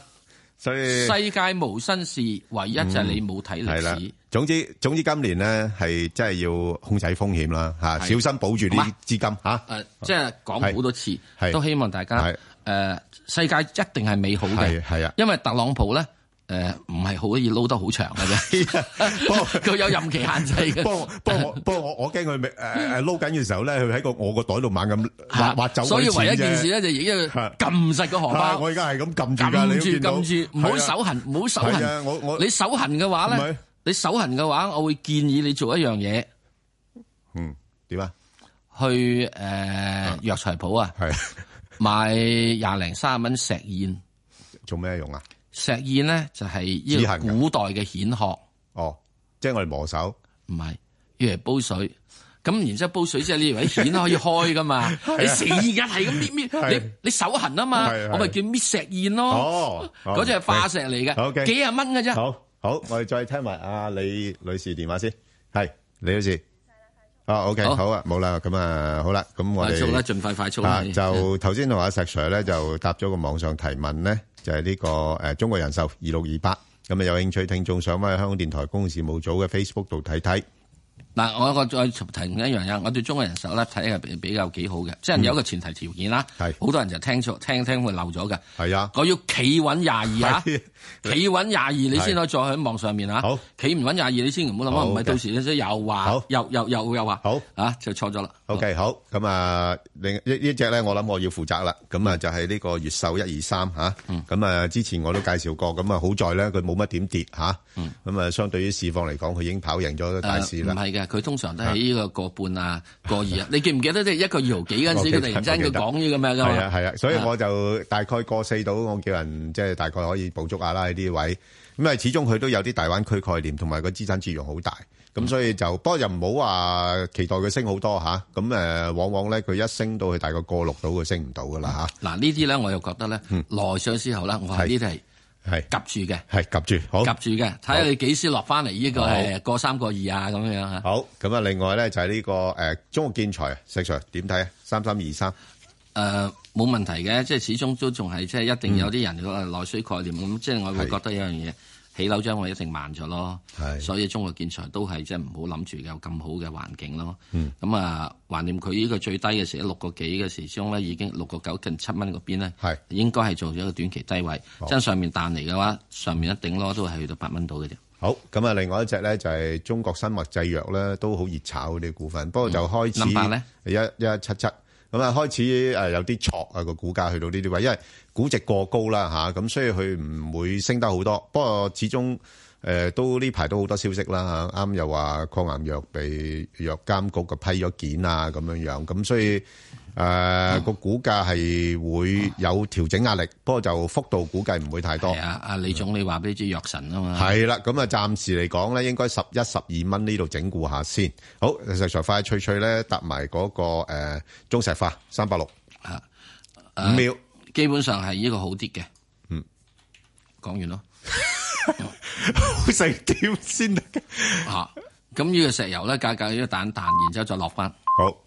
所以世界無新事，唯一就係你冇睇歷史。
總之總之今年咧係真係要控制風險啦，吓，小心保住呢啲
資金吓。誒，即係講好多次，都希望大家誒，世界一定係美好嘅，係啊，因為特朗普咧。誒，唔係好可以撈得好長嘅啫，佢有任期限制嘅。不過我，
不過我，我驚佢誒誒撈緊嘅時候咧，佢喺個我個袋度猛咁劃劃走。所以唯一一件事咧，
就而家撳實個荷包。我而家係咁
撳住噶，撳住撳住，唔好手痕，唔好手痕。你
手痕嘅話咧，你手痕嘅話，我會建議你做一樣嘢。嗯，點啊？去誒藥材鋪啊，買廿零三十蚊石燕，做咩用啊？石燕咧就係、是、古代嘅蜆殼，哦，即係我哋磨手，唔係要嚟煲水，咁然之後煲水之後你以為啲蜆可以開噶嘛？ [laughs] 你成日係咁搣搣，你你手痕啊嘛，我咪叫搣石燕咯。嗰隻係化石嚟嘅，哦、okay, 幾廿蚊嘅啫。好，
好，我哋再聽埋阿李 [laughs] 女士電話先，係李女士、哦 okay,，啊，OK，好啊，冇啦，咁啊，好啦，咁我哋快速咧，盡快快速、啊、就頭先同阿石 Sir 咧就答咗個網上提問咧。就係呢個誒中國人壽二六二八，咁啊有興趣聽眾上翻香港電台公共事
務組嘅 Facebook 度睇睇。嗱，我一個再提一樣嘢，我對中國人壽咧睇係比比較幾好嘅，即係有一個前提條件啦。係，好多人就聽錯聽聽會漏咗嘅。係啊，我要企穩廿二啊！企穩廿二，22，你先可以再喺網上面啊！好，企唔穩廿二，你先唔好諗，唔係到時又話，又又又又話，好啊，就錯咗啦。OK，好
咁啊，另一一隻咧，我諗我要負責啦。咁、嗯就係、啊，就係呢個越秀一二三吓，咁啊，之前我都介紹過，咁、嗯、啊，好在咧，佢冇乜點跌吓，咁啊，相對於市
況嚟講，佢已經跑贏咗大市啦。唔係嘅，佢通常都喺呢個過半啊，啊過二啊。你記唔記得即係一個二毫幾嗰陣時 [laughs] 突然講講、嗯，我哋真係講呢個咩係啊，係啊，所以我
就大概過四到，我叫人即係大概可以捕捉。啦呢啲位，咁啊始終佢都有啲大灣區概念，同埋個資產置用好大，咁、嗯、所以就，不過又唔好話期待佢升好多吓，咁、啊、誒，往往咧佢一升到佢大概過六到，佢升唔到噶啦吓。
嗱呢啲咧，我又覺得咧，內、嗯、上
之後咧，我話呢啲係係夾住嘅，係夾住，夾住嘅，睇下佢
幾時落翻嚟呢
個係過三個二啊咁樣。好，咁啊，另外咧就係呢、這個誒、呃、中國建材，石 Sir
點睇？三三二三。誒、呃、冇問題嘅，即係始終都仲係即係一定有啲人嘅內需概念，咁、嗯、即係我會覺得有樣嘢起樓將會一定慢咗咯。所以中國建材都係即係唔好諗住有咁好嘅環境咯。咁、嗯、啊，懷念佢呢個最低嘅時候，六個幾嘅時鐘咧，已經六個九近七蚊嗰邊咧，係應該係做咗一個短期低位。真、哦、上面彈嚟嘅話，上面一定咯，都係去到八蚊度嘅啫。
好，咁啊，另外一隻咧就係中國生物製藥咧，都好熱炒啲股份，不過就開始一一七七。咁啊，開始誒有啲挫啊，個股價去到呢啲位，因為估值過高啦嚇，咁所以佢唔會升得好多。不過始終誒、呃、都呢排都好多消息啦嚇，啱又話抗癌藥被藥監局個批咗件啊咁樣樣，咁所以。誒、呃，個股價係會有調整壓力，啊，不過就幅度估計唔會太多。
係啊，阿李總你話俾知藥神啊嘛。係
啦，咁啊，暫時嚟講咧，應該十一、十二蚊呢度整固下先。好，石材快脆脆咧，搭埋嗰個誒、
呃、中石化三百六。啊，五秒，基本上係呢個好啲嘅。嗯，講完咯， [laughs] 好食點先得啊？咁呢個石油咧，價格呢個蛋彈，然之後再落翻。好。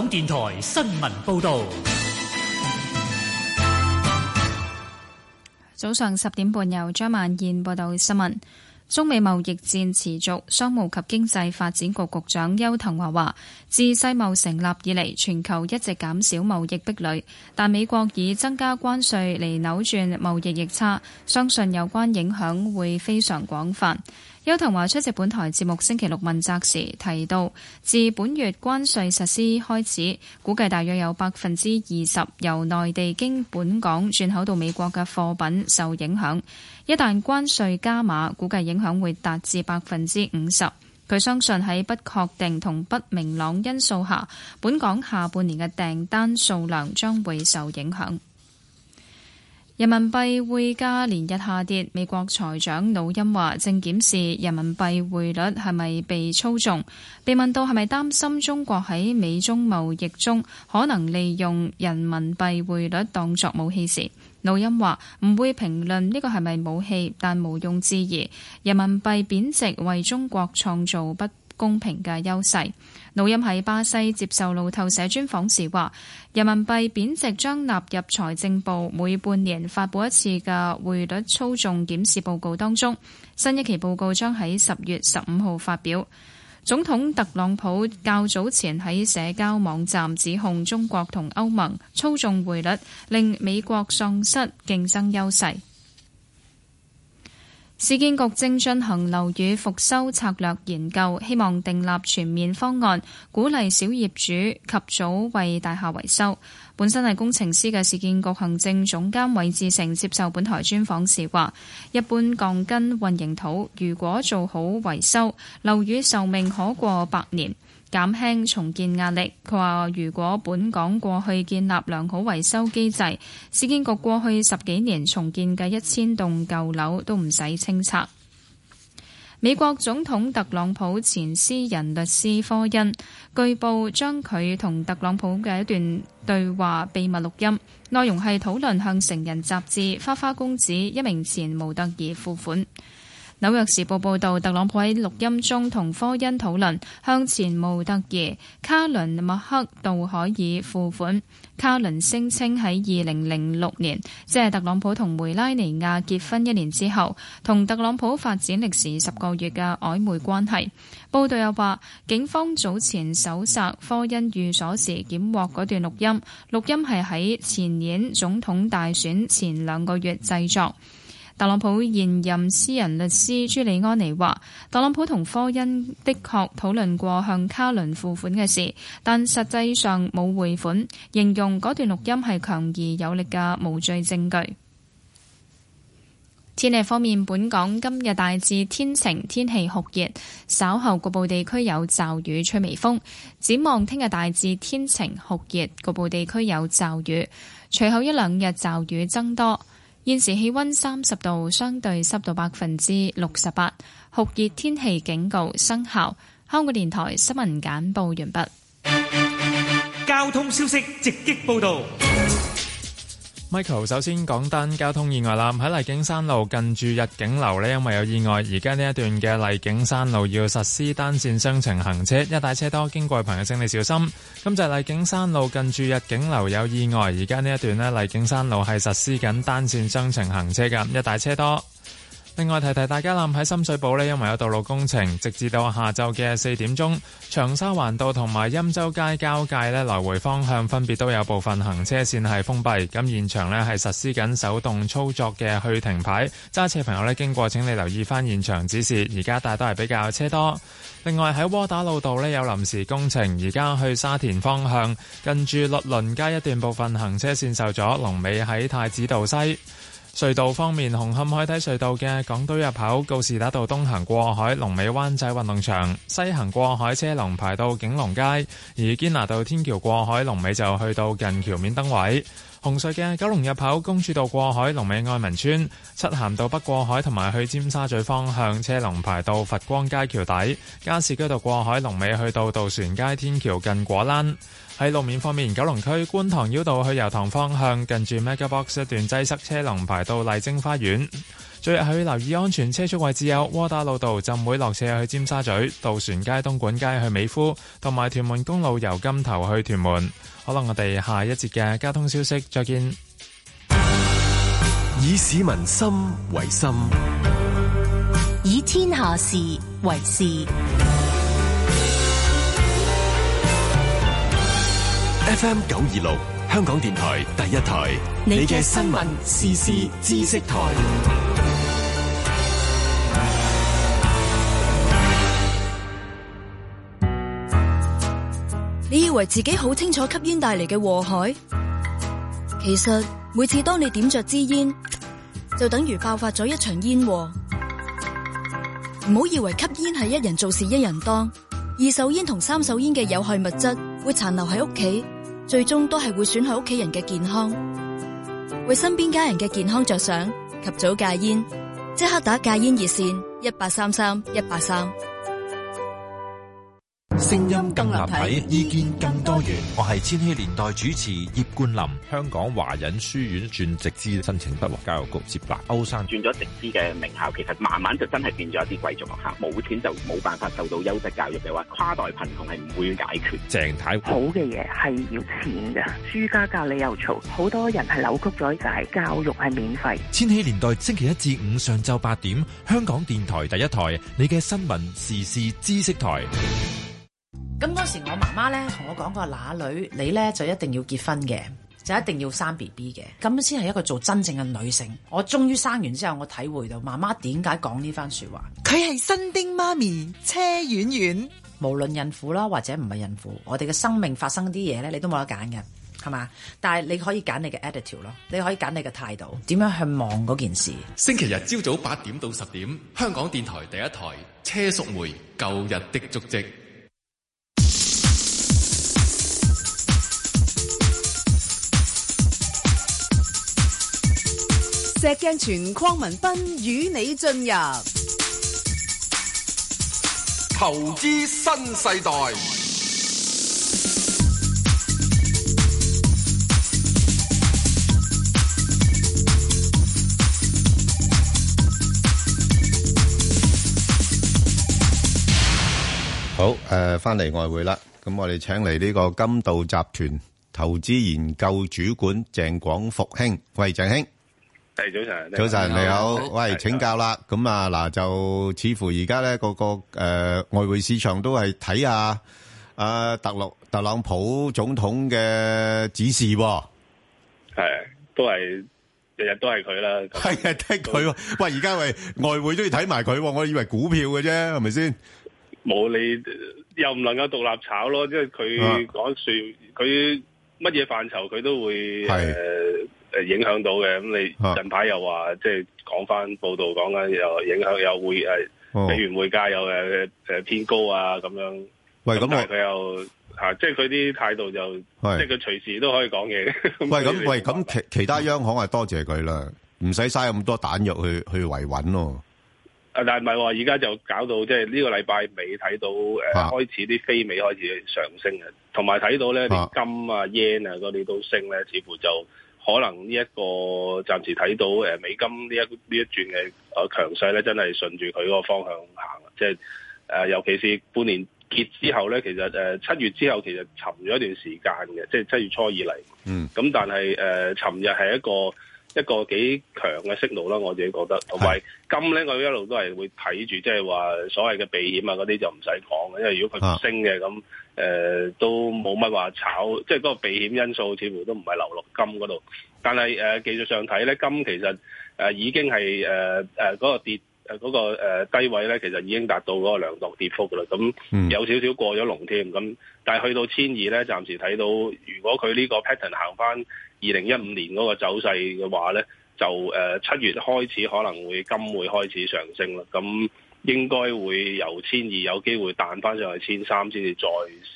港電台新聞報道，
早上十點半由張曼燕報道新聞。中美貿易戰持續，商務及經濟發展局局長邱騰華話，自世貿成立以嚟，全球一直減少貿易壁壘，但美國以增加關稅嚟扭轉貿易逆差，相信有關影響會非常廣泛。邱騰華出席本台節目星期六問責時提到，自本月關稅實施開始，估計大約有百分之二十由內地經本港轉口到美國嘅貨品受影響。一旦關稅加碼，估計影響會達至百分之五十。佢相信喺不確定同不明朗因素下，本港下半年嘅訂單數量將會受影響。人民幣匯價連日下跌，美國財長紐欽話正檢視人民幣匯率係咪被操縱。被問到係咪擔心中國喺美中貿易中可能利用人民幣匯率當作武器時，紐欽話唔會評論呢個係咪武器，但毋庸置疑，人民幣貶值為中國創造不公平嘅優勢，老任喺巴西接受路透社專訪時話，人民幣貶值將納入財政部每半年發佈一次嘅匯率操縱檢視報告當中。新一期報告將喺十月十五號發表。總統特朗普較早前喺社交網站指控中國同歐盟操縱匯率，令美國喪失競爭優勢。市建局正進行樓宇復修策略研究，希望訂立全面方案，鼓勵小業主及早為大廈維修。本身係工程師嘅市建局行政總監韋志成接受本台專訪時話：，一般鋼筋混凝土如果做好維修，樓宇壽命可過百年。減輕重建壓力。佢話：如果本港過去建立良好維修機制，市建局過去十幾年重建嘅一千棟舊樓都唔使清拆。美國總統特朗普前私人律師科恩據報將佢同特朗普嘅一段對話秘密錄音，內容係討論向成人雜誌《花花公子》一名前模特兒付款。紐約時報報道，特朗普喺錄音中同科恩討論向前模特兒卡倫麥克杜海爾付款。卡倫聲稱喺二零零六年，即係特朗普同梅拉尼亞結婚一年之後同特朗普發展歷時十個月嘅曖昧關係。報道又話警方早前搜查科恩寓所時檢獲嗰段錄音。錄音係喺前年總統大選前兩個月製作。特朗普現任私人律師朱利安尼話，特朗普同科恩的確討論過向卡倫付款嘅事，但實際上冇匯款。形容嗰段錄音係強而有力嘅無罪證據。天氣方面，本港今日大致天晴，天氣酷熱，稍後局部地區有驟雨，吹微風。展望聽日大致天晴酷熱，局部地區有驟雨，隨後一兩日驟雨增多。現時氣温三十度，相對濕度百分之六十八，酷熱天氣警告生效。香港電台新聞簡報完畢。交通消息直擊報道。
Michael 首先講單交通意外啦，喺麗景山路近住日景樓呢，因為有意外，而家呢一段嘅麗景山路要實施單線雙程行車，一帶車多經過嘅朋友，請你小心。咁就係麗景山路近住日景樓有意外，而家呢一段呢，麗景山路係實施緊單線雙程行車㗎。一帶車多。另外提提大家，諗喺深水埗呢，因為有道路工程，直至到下晝嘅四點鐘，長沙環道同埋欽州街交界呢，來回方向分別都有部分行車線係封閉，咁現場呢，係實施緊手動操作嘅去停牌。揸車朋友呢，經過請你留意翻現場指示，而家大多係比較車多。另外喺窩打老道呢，有臨時工程，而家去沙田方向，近住律倫街一段部分行車線受阻，龍尾喺太子道西。隧道方面，紅磡海底隧道嘅港島入口告士打道東行過海，龍尾灣仔運動場；西行過海車龍排到景隆街。而堅拿道天橋過海龍尾就去到近橋面燈位。紅隧嘅九龍入口公主道過海龍尾愛民村；漆咸道北過海同埋去尖沙咀方向車龍排到佛光街橋底。加士居道過海龍尾去到渡船街天橋近果欄。喺路面方面，九龍區觀塘繞道去油塘方向，近住 Mega Box 一段擠塞，車龍排到麗晶花園。最近去留意安全車速位置有窩打老道、浸會落車去尖沙咀、渡船街、東莞街去美孚，同埋屯門公路由金頭去屯門。可能我哋下一節嘅交通消息再見。
以市民心為心，以天下事為事。FM 九二六，香港電台第一台，你嘅新聞時事知識台。
你以為自己好清楚吸煙帶嚟嘅禍害？其實每次當你點著支煙，就等於爆發咗一場煙禍。唔好以為吸煙係一人做事一人當，二手煙同三手煙嘅有害物質會殘留喺屋企。最終都是會損害屋企人嘅健康，為身邊家人嘅健康着想，及早戒煙，即刻打戒煙熱線一八三三一八三。133。聲
音更立體，更體，意見更多元。我係千禧年代主持葉冠林，香港華仁書院轉直資申請不獲教育局接納。歐生轉咗直資嘅名校，其實
慢慢就真係變咗一啲貴族學校，冇錢就冇辦法受到優質教育嘅話，跨代貧窮係唔會解決。
鄭太好嘅嘢係要錢㗎，朱家教你又嘈，好多人係扭曲咗就係教育係免費。
千禧年代星期一至五上晝八點，香港電台第一台，你嘅新聞時事知識台。
咁當時我媽媽咧，同我講過，嗱，女你呢就一定要結婚嘅，就一定要生 BB 嘅，咁先係一個做真正嘅女性。我終於生完之後，我體會到媽媽點解講呢番說話。佢係新丁媽咪車婉婉，無論孕婦啦或者唔係孕婦，我哋嘅生命發生啲嘢呢，你都冇得揀嘅，係嘛？但係你可以揀你嘅 attitude 咯，你可以揀你嘅態度，點樣去望嗰
件事。星期日朝早八點到十點，香港電台第一台車淑梅《舊日的足跡》。
石鏡泉鄺民彬與你進入投資新世代。
好誒，翻嚟外匯啦。咁我哋請嚟呢個金道集團投資研究主管鄭廣福興，喂鄭興。
係早晨，早晨你好，你好。
喂，請教啦。咁啊，嗱就似乎而家咧，個個誒、呃、外匯市場都係睇下阿、呃、特六特朗普總統嘅指示、啊。係，
都係日日都係佢啦。係啊，聽
佢。喂，而家喂外匯都要睇埋佢。我以為是股票嘅啫，係咪先？
冇你又唔能夠獨立炒咯，即係佢講稅，佢乜嘢範疇佢都會。係。呃影響到嘅，咁你近排又話、啊、即係講翻報道講緊又影響，又會誒美元會加，又誒誒偏高啊咁樣。喂，咁佢又吓，即係佢啲態度就，即係佢隨時都可以講嘢。喂，咁 [laughs] 喂、
咁、嗯、其其、其他央行係、嗯、多謝佢啦，唔使嘥咁多彈藥去去維穩咯。
但係唔係話而家就搞到即係呢個禮拜尾睇到誒、呃啊、開始啲非美開始上升，同埋睇到咧啲、啊、金啊、yen 啊嗰啲都升咧，似乎就。可能呢、這、一個暫時睇到美金呢一呢一轉嘅強勢咧，真係順住佢個個方向行，即係誒，尤其是半年結之後咧，其實誒、呃、七月之後其實沉咗一段時間嘅，即、就、係、是、七月初以嚟。嗯，咁、嗯、但係誒，尋、呃、日係一個。一個幾強嘅 signal 啦，我自己覺得。同埋金咧，我一路都係會睇住，即係話所謂嘅避險啊嗰啲就唔使講，因為如果佢升嘅咁，誒、呃、都冇乜話炒，即係嗰個避險因素似乎都唔係流落金嗰度。但係誒、呃、技術上睇咧，金其實、呃、已經係誒嗰個跌嗰、呃嗰個低位咧，其實已經達到嗰個量度跌幅啦。咁、嗯、有少少過咗龍添。咁但係去到千二咧，暫時睇到如果佢呢個 pattern 行翻，二零一五年嗰個走勢嘅話咧，就誒七、呃、月開始可能會金匯開始上升啦。咁應該會由千二有機會彈翻上去千三，先至再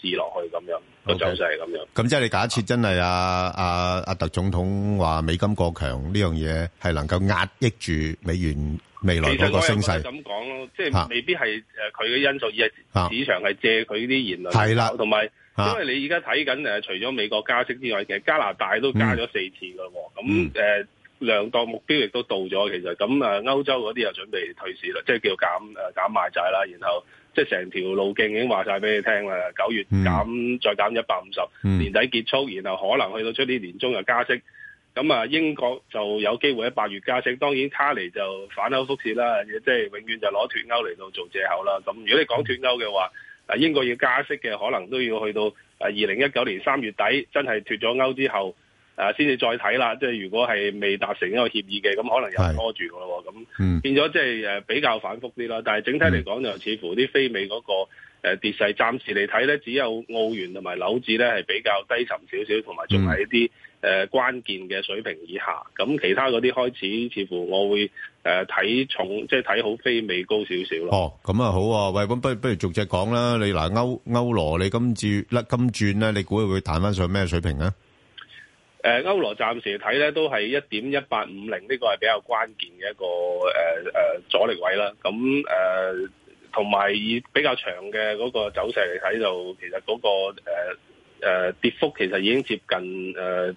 試落去咁樣、okay. 個走勢係咁
樣。咁即係你假設真係啊啊，啊，啊特總統話美金過強呢樣嘢係能夠壓抑住美元未來嗰個升勢。咁
講咯，即、就、係、是、未必係誒佢嘅因素，啊、而係市場係借佢啲言論、啊。係啦，同埋。因為你而家睇緊誒，除咗美國加息之外，其實加拿大都加咗四次㗎喎。咁誒兩檔目標亦都到咗，其實咁誒歐洲嗰啲又準備退市啦，即係叫減誒減買債啦。然後即係成條路徑已經話晒俾你聽啦。九月減、嗯、再減一百五十，年底結束，然後可能去到出年年中就加息。咁、嗯、啊英國就有機會喺八月加息。當然卡尼就反口覆舌啦，即係永遠就攞脫歐嚟到做借口啦。咁如果你講脫歐嘅話，啊，英國要加息嘅可能都要去到啊，二零一九年三月底真係脫咗歐之後，誒先至再睇啦。即係如果係未達成一個協議嘅，咁可能又拖住㗎咯。咁變咗即係誒比較反覆啲啦。但係整體嚟講，就、嗯、似乎啲非美嗰個跌勢，暫時嚟睇咧，只有澳元同埋紐指咧係比較低沉少少，同埋仲係一啲誒關鍵嘅水平以下。咁、嗯、其他嗰啲開始似乎我會。誒、呃，睇重即係睇好飛尾高少少咯。哦，
咁啊好啊，民彬不不如逐隻講啦。你嗱，歐歐羅你今次甩金轉咧，你估會彈翻上咩水平呢？誒、
呃，歐羅暫時睇咧，都係一點一八五零，呢個係比較關鍵嘅一個誒誒、呃呃、阻力位啦。咁誒，同、呃、埋以比較長嘅嗰個走勢嚟睇，就其實嗰、那個誒誒、呃呃、跌幅其實已經接近誒、呃，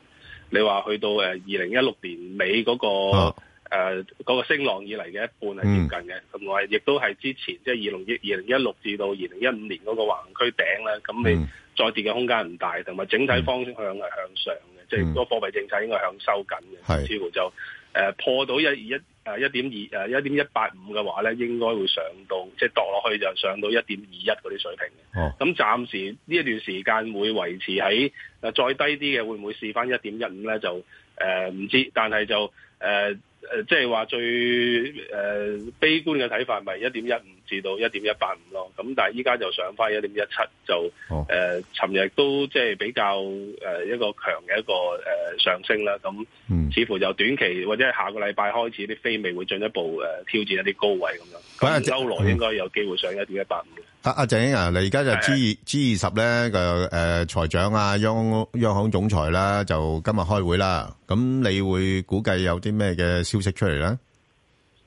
你話去到誒二零一六年尾嗰、那個。啊誒、呃、嗰、那個升浪以嚟嘅一半係接近嘅，同埋亦都係之前即係二零二零一六至到二零一五年嗰個橫區頂咧，咁、嗯、你再跌嘅空間唔大，同埋整體方向係向上嘅、嗯，即係個貨幣政策應該向收緊嘅，似乎就誒、呃、破到一一誒一點二一點一八五嘅話咧，應該會上到即係、就是、跌落去就上到、哦、一點二一嗰啲水平嘅。咁暫時呢一段時間會維持喺再低啲嘅會唔會試翻一點一五咧？就誒唔、呃、知，但係就誒。呃誒，即係話最誒悲觀嘅睇法，咪一點一五。至到一點一八五咯，咁但係依家就上翻一點一七，就誒尋日都即係比較誒、呃、一個強嘅一個誒、呃、上升啦。咁、嗯、似乎由短期或者係下個禮拜開始啲飛尾會進一步誒、呃、挑戰一啲高位咁樣。咁啊周來應該有機會上一點一八五。
阿阿鄭英啊，你而家就是 G 二 G 二十咧嘅誒財長啊、央央行總裁啦，就今日開會啦。咁你會估計有啲咩嘅消息出嚟咧？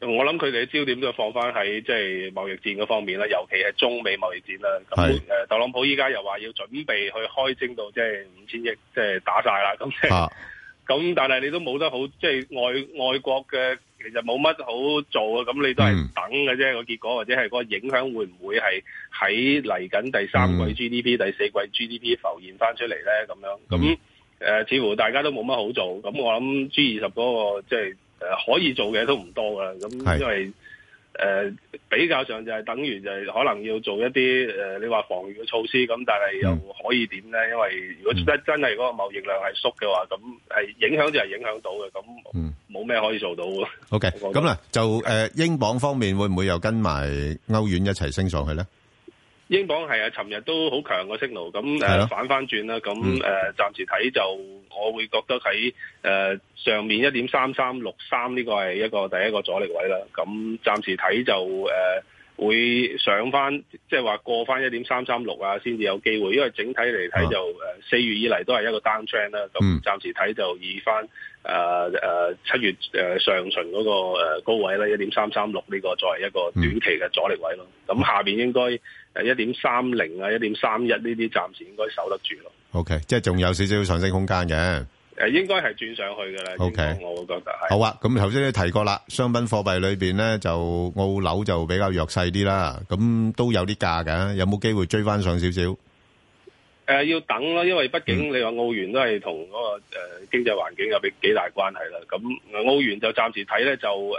我諗佢哋嘅焦點都放翻喺即係貿易戰嗰方面啦，尤其係中美貿易戰啦。咁誒，特朗普依家又話要準備去開徵到即係五千億，即係打晒啦。咁咁、即係，啊、但係你都冇得好，即係外外國嘅，其實冇乜好做啊。咁你都係等嘅啫，個、嗯、結果或者係個影響會唔會係喺嚟緊第三季 GDP、嗯、第四季 GDP 浮現翻出嚟咧？咁樣咁誒、嗯呃，似乎大家都冇乜好做。咁我諗 G 二十嗰個即係。即係誒，可以做嘅都唔多噶，咁因為誒比較上就係等如就係可能要做一啲誒，你話防御嘅措施，咁但係又可以點咧？因為如果真真係嗰個貿易量係縮嘅話，咁係影響就係影響到嘅，咁冇咩可以做到嘅。OK，咁啦，
就誒英鎊方面會唔會又跟埋歐元一齊升上去咧？
英鎊係啊，尋日都好強個升路，咁誒反翻轉啦。咁誒、嗯呃、暫時睇就，我會覺得喺誒、呃、上面一點三三六三呢個係一個第一個阻力位啦。咁暫時睇就誒、呃、會上翻，即係話過翻一點三三六啊，先至有機會。因為整體嚟睇就誒四、啊呃、月以嚟都係一個 down trend 啦。咁暫時睇就以翻誒誒七月誒、呃、上旬嗰、那個、呃、高位咧一點三三六呢個作為一個短期嘅阻力位咯。咁下邊應該，嗯係一點三零啊，一點三一呢啲，暫時應該守得住
咯。OK，即係仲有少少上升空間嘅。
誒，應該係轉上去㗎啦。OK，我好覺得係。好
啊，咁頭先你提過啦，商品貨幣裏邊咧就澳樓就比較弱勢啲啦，咁都有啲價㗎，有冇機會追翻上少少？
誒、呃、要等啦，因為畢竟你話澳元都係同嗰個誒、呃、經濟環境有幾大關係啦。咁澳元就暫時睇咧就誒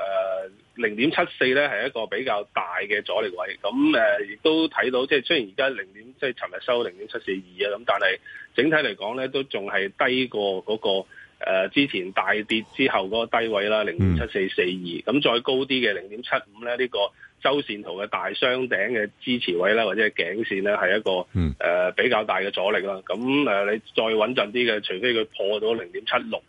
零點七四咧係一個比較大嘅阻力位。咁誒亦都睇到，即係雖然而家零點即係尋日收零點七四二啊，咁但係整體嚟講咧都仲係低過嗰、那個、呃、之前大跌之後嗰個低位啦，零點七四四二。咁再高啲嘅零點七五咧呢、這個。周線圖嘅大雙頂嘅支持位啦，或者係頸線咧，係一個誒、呃、比較大嘅阻力啦。咁誒、呃，你再穩陣啲嘅，除非佢破到零點七六，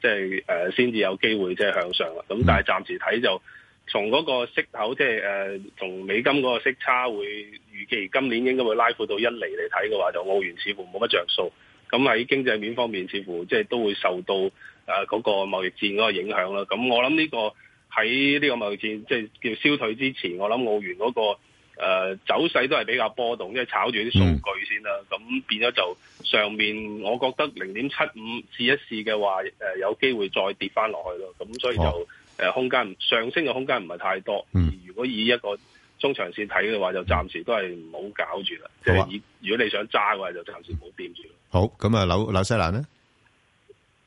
即係誒先至有機會即係向上啦。咁但係暫時睇就從嗰個息口，即係誒同美金嗰個息差，會預期今年應該會拉闊到一厘嚟睇嘅話，就澳元似乎冇乜着數。咁喺經濟面方面，似乎即係都會受到誒嗰、呃那個貿易戰嗰個影響啦。咁我諗呢、這個。喺呢個貿易戰即係叫消退之前，我諗澳元嗰、那個誒、呃、走勢都係比較波動，因為炒住啲數據先啦、啊。咁、嗯、變咗就上面，我覺得零點七五試一試嘅話，誒、呃、有機會再跌翻落去咯。咁所以就誒、啊呃、空間上升嘅空間唔係太多。嗯，如果以一個中長線睇嘅話，就暫時都係唔好搞住啦、啊。即係如如果你想揸嘅話，就暫時唔好掂住
了。好，咁啊，紐紐西蘭咧？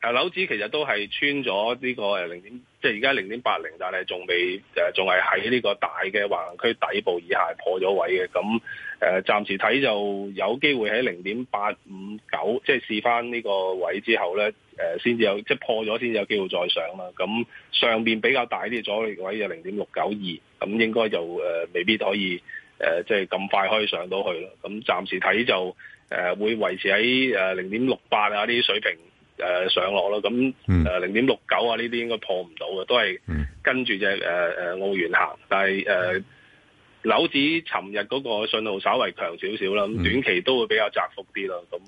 啊，樓指其實都係穿咗呢個誒零點，即係而家零點八零，但係仲未誒，仲係喺呢個大嘅橫行區底部以下破咗位嘅。咁誒、呃，暫時睇就有機會喺零點八五九，即係試翻呢個位之後咧，誒先至有即係破咗先有機會再上啦。咁上邊比較大啲阻力的位就零點六九二，咁應該就誒、呃、未必可以誒，即係咁快可以上到去咯。咁暫時睇就誒、呃、會維持喺誒零點六八啊呢啲水平。誒、呃，上落咯，咁誒，零點六九啊，呢啲應該破唔到嘅，都係跟住隻誒誒澳元行，但係誒樓指，尋日嗰個信號稍微強少少啦，咁短期都會比較窄幅啲喇。咁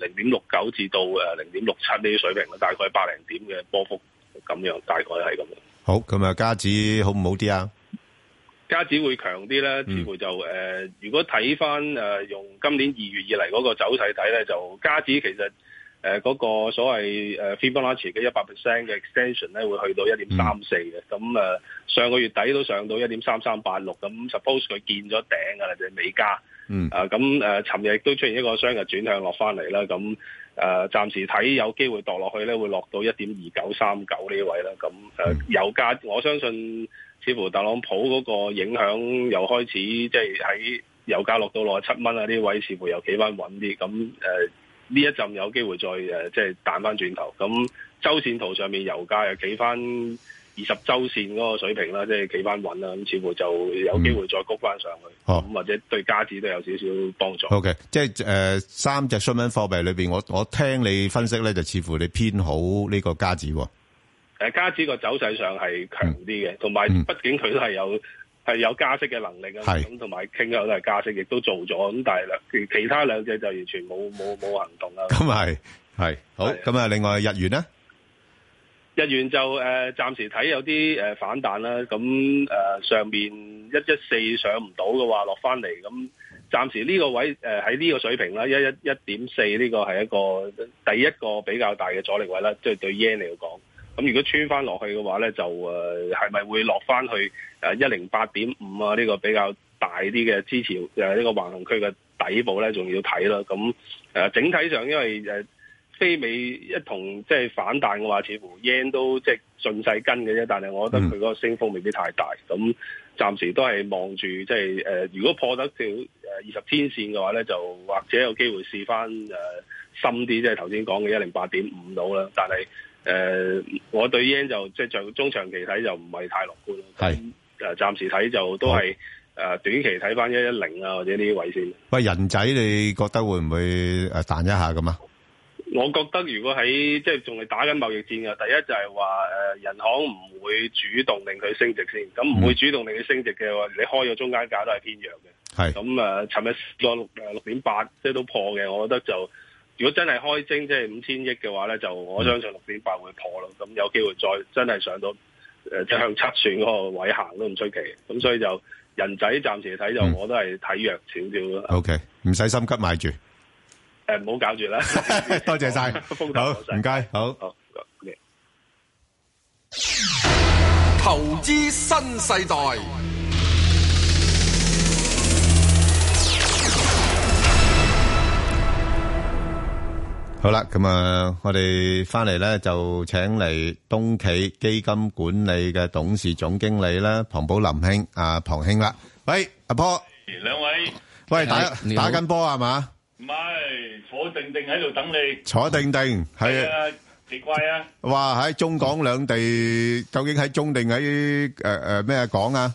誒零點六九至到誒零點六七呢啲水平，大概百零點嘅波幅咁樣，大概係咁。
好，咁啊，加指好唔好啲啊？
加指會強啲咧，似乎就誒、呃，如果睇翻誒用今年二月以嚟嗰個走勢睇咧，就加指其實。誒、呃、嗰、那個所謂誒、呃、Fibonacci 嘅一百 percent 嘅 extension 咧，會去到一點三四嘅。咁、啊、誒上個月底都上到一點三三八六。咁 suppose 佢見咗頂啊，就係、是、未加？嗯。啊，咁、啊、誒，尋日亦都出現一個雙日轉向落翻嚟啦。咁、啊、誒，暫、啊、時睇有機會落落去咧，會落到一點二九三九呢位啦。咁、啊、誒、啊嗯，油價我相信似乎特朗普嗰個影響又開始，即係喺油價落到六十七蚊啊呢位，似乎又企翻穩啲。咁、嗯、誒。啊呢一陣有機會再、呃、即係彈翻轉頭。咁周線圖上面油價又企翻二十周線嗰個水平啦，即係企翻穩啦。咁似乎就有機會再谷翻上去。咁、嗯嗯、或者對加紙都有少少幫助。啊、o、okay.
K，即係誒、呃、三隻商品貨幣裏面，我我聽你分析咧，就似乎你偏好呢個加紙。誒、
呃，加紙個走勢上係強啲嘅，同、嗯、埋畢竟佢都係有。嗯係有加息嘅能力啊，咁同埋傾向都係加息，亦都做咗。咁但係兩其其他兩隻就完全冇冇冇行動 [laughs] 是是啊。
咁係係好。咁啊，另外日元呢？
日元就誒，暫時睇有啲誒反彈啦。咁誒，上面一一四上唔到嘅話，落翻嚟。咁暫時呢個位，誒喺呢個水平啦，一一一點四呢個係一個第一個比較大嘅阻力位啦，即係對 yen 嚟講。咁、嗯、如果穿翻落去嘅話咧，就誒係咪會落翻去一零八點五啊？呢、這個比較大啲嘅支持呢、呃這個橫行區嘅底部咧，仲要睇啦。咁、嗯呃、整體上，因為誒、呃、非美一同即係反彈嘅話，似乎 yen 都即係順勢跟嘅啫。但係我覺得佢嗰個升幅未必太大。咁、嗯、暫時都係望住即係誒、呃，如果破得條誒二十天線嘅話咧，就或者有機會試翻誒、呃、深啲，即係頭先講嘅一零八點五度啦。但係誒、呃，我對 yen 就即係中長期睇就唔係太樂觀咯。係誒，暫時睇就都係、呃、短期睇翻一一零啊或者呢啲位先。
喂，人仔你覺得會唔會誒彈一下咁啊？
我覺得如果喺即係仲係打緊貿易戰嘅，第一就係話誒人行唔會主動令佢升值先，咁唔會主動令佢升值嘅話、嗯，你開咗中間價都
係偏弱嘅。
係咁誒，尋日個六、呃、六點八即係都破嘅，我覺得就。如果真係開徵即係五千億嘅話咧，就我相信六點八會破咯，咁有機會再真係上到誒，即、呃、向七算嗰個位行都唔出奇，咁所以就人仔暫時睇就、嗯、我都係睇弱少少啦。
O K，唔使心急買住，誒、
呃，唔好搞住啦。 [laughs] 多謝晒， [laughs] 好唔該， [laughs] 好
謝謝好。好好
okay. 投資新世代。
好啦，咁啊，我哋翻嚟咧就請嚟東企基金管理嘅董事總經理啦，龐寶林兄啊，龐兄啦，喂，阿波，
兩位，喂，打打緊波啊係嘛？唔係，坐定定喺度等你，坐定定係啊，奇怪啊，
哇，喺中港兩地究竟喺中定喺誒誒咩港啊？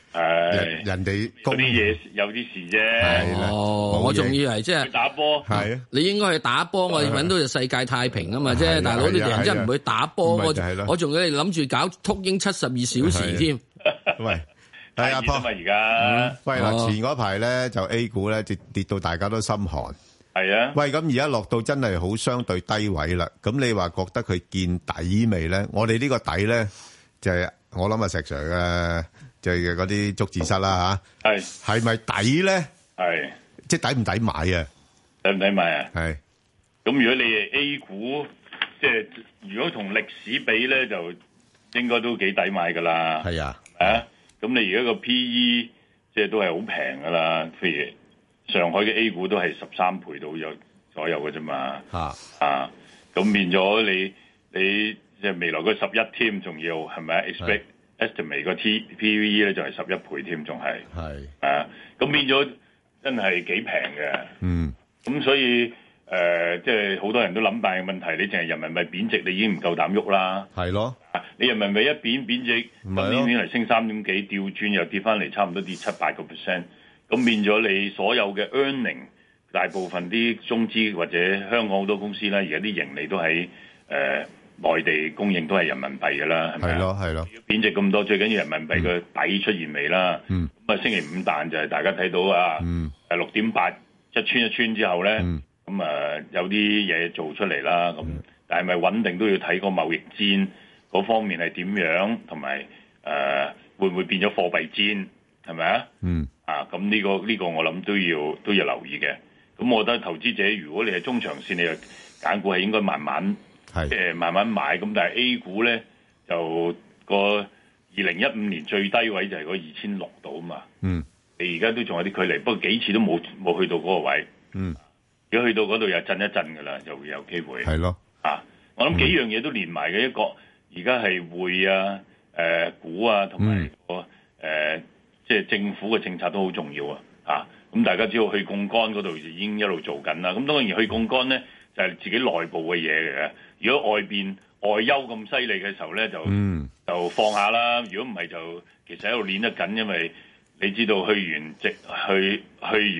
係人哋嗰啲嘢有啲事啫。哦，
我仲以為即係打波係啊，你應該去打波，我搵到個世界太平啊嘛。啫，大佬你哋真係唔會打波，我我仲要你諗住搞禿鷹七十二小時添。喂，係阿波嘛而家？喂嗱，前
嗰排咧就 A 股咧跌跌到大家都心寒。係啊。喂，咁而家落到真係好相對低位啦。咁你話覺得佢見底未咧？我哋呢個底咧就係我諗石 Sir 嘅。就係嗰啲捉字虱啦吓，係係咪抵咧？係，即係抵唔抵買啊？抵唔抵買啊？
係，咁如果你 A 股，即係如果同歷史比咧，就應該都幾抵買噶啦。係啊，啊，咁你而家個 P E，即係都係好平噶啦。譬如上海嘅 A 股都係十三倍到有左右嘅啫嘛。啊啊，咁變咗你你即係未來個十一添仲要係咪？expect Estimate 個 T PVE 咧就係十一倍添，仲係係啊，咁變咗真係幾平嘅。嗯，咁所以誒，即係好多人都諗大嘅問題，你淨係人民幣貶值，你已經唔夠膽喐啦。係咯、啊，你人民幣一貶，貶值，明年嚟升三點幾，調轉又跌翻嚟，差唔多跌七八個 percent，咁變咗你所有嘅 earning，大部分啲中資或者香港好多公司咧，而家啲盈利都喺誒。呃內地供應都係人民幣嘅啦，係咪啊？係咯係咯，要貶值咁多，最緊要人民幣嘅底出現未啦？嗯，咁啊，星期五彈就係大家睇到啊，嗯，係六點八，一穿一穿之後咧，咁、嗯、啊，有啲嘢做出嚟啦，咁、嗯，但係咪穩定都要睇個貿易戰嗰方面係點樣，同埋誒會唔會變咗貨幣戰係咪啊？嗯，啊，咁呢個呢個我諗都要都要留意嘅。咁我覺得投資者如果你係中長線，你揀股係應該慢慢。即係慢慢買咁，但係 A 股咧就個二零一五年最低位就係個二千六度嘛。嗯，你而家都仲有啲距離，不過幾次都冇冇去到嗰個位。嗯，如果去到嗰度又震一震噶啦，就會有機會。係咯，啊，我諗幾樣嘢都連埋嘅一個，而家係匯啊、誒、呃、股啊同埋、那個誒即係政府嘅政策都好重要啊。吓、啊，咁、嗯、大家知道去槓桿嗰度就已經一路做緊啦。咁當然去槓桿咧就係、是、自己內部嘅嘢嚟嘅。如果外邊外憂咁犀利嘅時候咧，就、嗯、就放下啦。如果唔係就其實喺度練得緊，因為你知道去完去去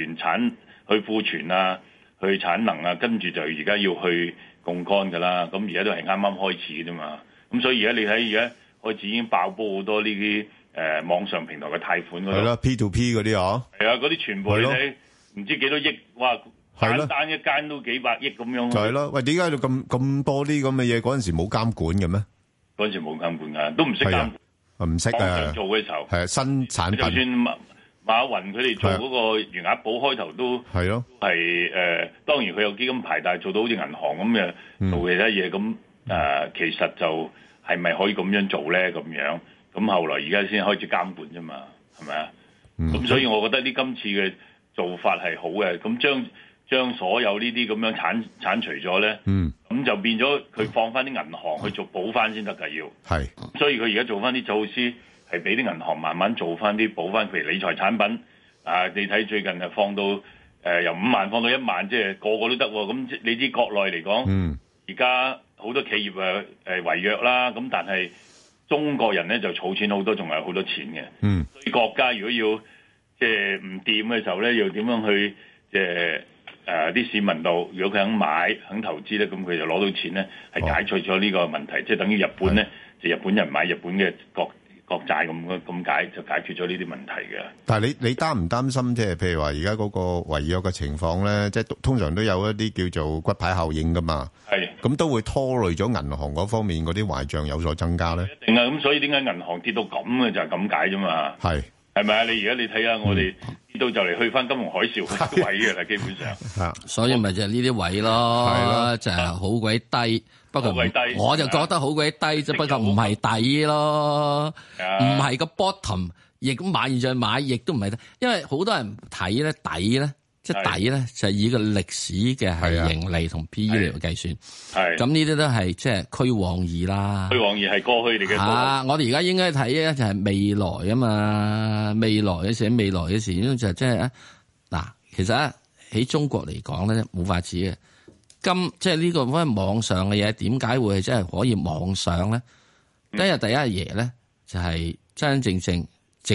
完產去庫存啊，去產能啊，跟住就而家要去槓桿噶啦。咁而家都係啱啱開始啫嘛。咁所以而家你睇而家開始已經爆煲好多呢啲誒網上平台嘅貸款嗰啲啦，P
to P 嗰啲啊，
係啊，嗰啲全部你睇唔知幾多億哇！簡單，單一間都幾百億咁樣，就係咯。
喂，點解你咁咁多啲咁嘅嘢？嗰陣時冇監管嘅咩？嗰
陣時冇監管啊，都唔識啊，唔
識啊。做嘅時候係新產品，就
算馬雲佢哋做嗰個餘額寶開頭都係咯，係誒、呃，當然佢有基金牌，但係做到好似銀行咁嘅做其他嘢咁誒，其實就係咪可以咁樣做咧？咁樣咁後來而家先開始監管啫嘛，係咪啊？咁、嗯、所以我覺得呢今次嘅做法係好嘅，咁將將所有呢啲咁樣剷剷除咗咧，嗯，咁就變咗佢放翻啲銀行去做補翻先得㗎，要係，所以佢而家做翻啲措施，係俾啲銀行慢慢做翻啲補翻，譬如理財產品，啊，你睇最近係放到誒由五萬放到一萬，即係個個都得喎，咁你知國內嚟講，嗯，而家好多企業誒誒違約啦，咁但係中國人咧就儲錢好多，仲係好多錢嘅，嗯，所以國家如果要即係唔掂嘅時候咧，又點樣去誒？誒啲市民度，如果佢肯買肯投資咧，咁佢就攞到錢咧，係解除咗呢個問題，即係等於日本咧，就日本人買日本嘅國國債咁咁解就解決咗呢啲問題嘅。
但係你你擔唔擔心，即係譬如話而家嗰個違約嘅情況咧，即係通常都有一啲叫做骨牌效應噶嘛？係，咁都會拖累咗銀行嗰方面嗰啲壞帳有所增加咧。
定啊，咁所以點解銀行跌到咁嘅就係咁解啫嘛。係。係咪啊？你而家你睇下，我哋
呢度就嚟去翻金融海嘯位嘅啦，基本上。啊、所以咪就係呢啲位咯、啊，就係好鬼低、啊，不過唔、啊、我就覺得好鬼低啫、啊啊，不過唔係底咯，唔係個 bottom，亦咁買完再買，亦都唔係得，因為好多人睇咧底咧。即底咧，就以個歷史嘅盈利同 P E 嚟計算。係咁呢啲都係即係虛妄而啦。虛
妄而係過去嚟嘅。啊
我哋而家應該睇咧就係未來啊嘛，未來嘅事，未來嘅事，因為就即、是、係啊嗱，其實喺、啊啊、中國嚟講咧冇法子嘅。今即係呢個可嘅網上嘅嘢，點解會係真係可以網上咧？今第一呢，第一嘢咧就係、是、真真正正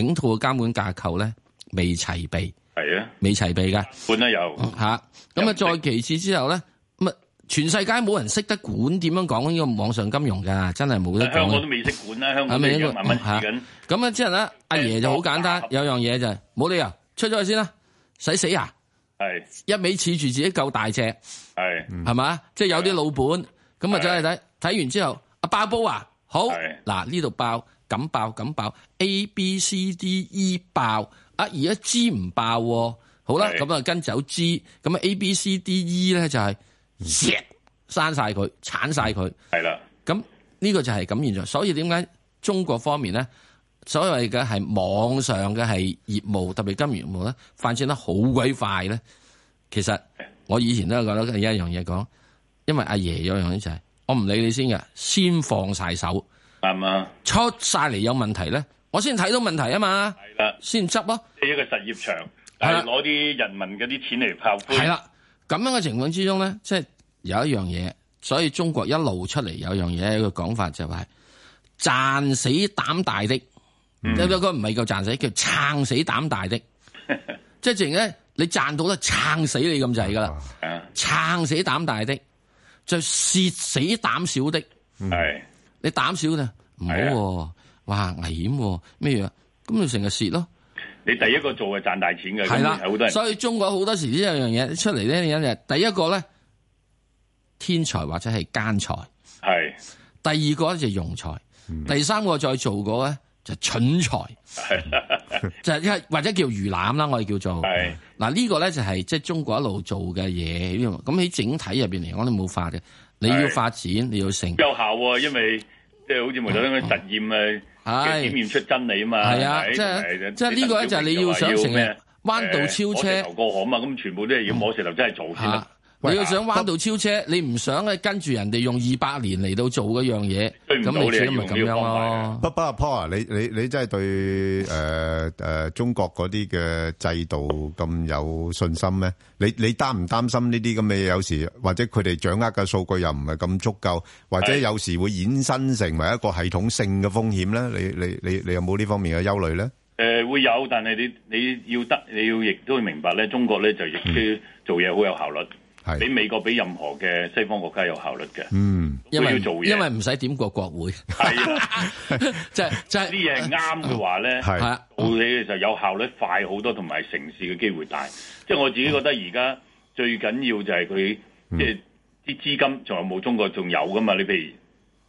整套嘅監管架構咧未齊備。係啊，未齊備噶，本都有吓。咁、嗯、啊，再其次之後咧，咁啊，全世界冇人識得管點樣講呢個網上金融噶，真係冇得講。香
港都未識管啦，香港都
慢慢治緊。咁啊，嗯嗯嗯、之後咧、嗯，阿爺就好簡單，嗯、有樣嘢就冇、是、理由出咗去先啦，使死啊！係一味恃住自己夠大隻，係係嘛？即係、就是、有啲老本，咁啊，再嚟睇睇完之後，啊，爆煲啊，好嗱呢度爆，咁爆咁爆，A B C D E 爆。啊！而家支唔爆，啊，好啦，咁啊跟走支、e，咁、就、A、是、B、C、D、E 咧就係殺晒佢，鏟晒佢，係啦。咁呢個就係咁現象。所以點解中國方面咧，所謂嘅係網上嘅係業務，特別金融業務咧，發展得好鬼快咧？其實我以前都有覺得一樣嘢講，因為阿爺有樣嘢就係，我唔理你先嘅，先放晒手，係嘛，出晒嚟有問題咧。
我先睇到問題啊嘛，先執咯。呢一個實業場係攞啲人民嗰啲錢嚟炮灰。係啦，
咁樣嘅情況之中咧，即、就、係、是、有一樣嘢。所以中國一路出嚟有樣嘢，一、個講法就係、是、賺死膽大的。咁樣佢唔係叫賺死，叫撐死膽大的。 [laughs] 即係即係咧，你賺到都撐死你咁滯噶啦，撐、啊啊、死膽大的，就蝕死膽小的。係、嗯、你膽小嘅唔好。哇！危險咩、啊、樣？咁就成日蝕咯。
你第一個做係賺大錢嘅，係啦。所以中
國好多時樣呢一樣嘢出嚟咧，有第一個咧天才或者係奸才，
係。
第二個咧就庸才、嗯，第三個再做過咧就是、蠢才， [laughs] 就是、或者叫魚腩啦，我哋叫做。嗱、這個、呢個咧就係即係中國一路做嘅嘢，咁喺整體入邊嚟我哋冇法嘅。你要發展，你要成
有效喎、啊，因為即係好似梅總咁實驗咪。係檢驗出真理啊嘛，是啊，是啊，是啊即係呢個咧就係你要想成咩？彎道超車，呃、摸石頭過河啊嘛，咁全部都係要摸石頭真、嗯，真係做先得。你要想彎道
超車，你唔想咧跟住人哋用二百年嚟，到做嗰樣嘢，咁你始都咪咁樣咯。不不，阿 Paul，你你你
真係對誒誒中國嗰啲嘅制度咁有信心咩？你你擔唔擔心呢啲咁嘅嘢？有時或者佢哋掌握嘅數據又唔係咁足夠，或者有時會衍生成為一個系統性嘅風險咧？你你你你有冇呢方面嘅憂慮咧？
誒，會有，但係你你要得，你要亦都要明白咧，中國咧就亦都要做嘢好有效率。係、啊，比美國比任何嘅西方國家有效率嘅。嗯，因要做嘢。因為
唔使點過國會，
係啦、啊，即係即係啲嘢啱嘅話咧，係、哦。報起嘅時候有效率快好多，同埋成事嘅機會大。即、哦、係、就是、我自己覺得而家最緊要就係佢，即係啲資金仲有冇中國仲有㗎嘛？你譬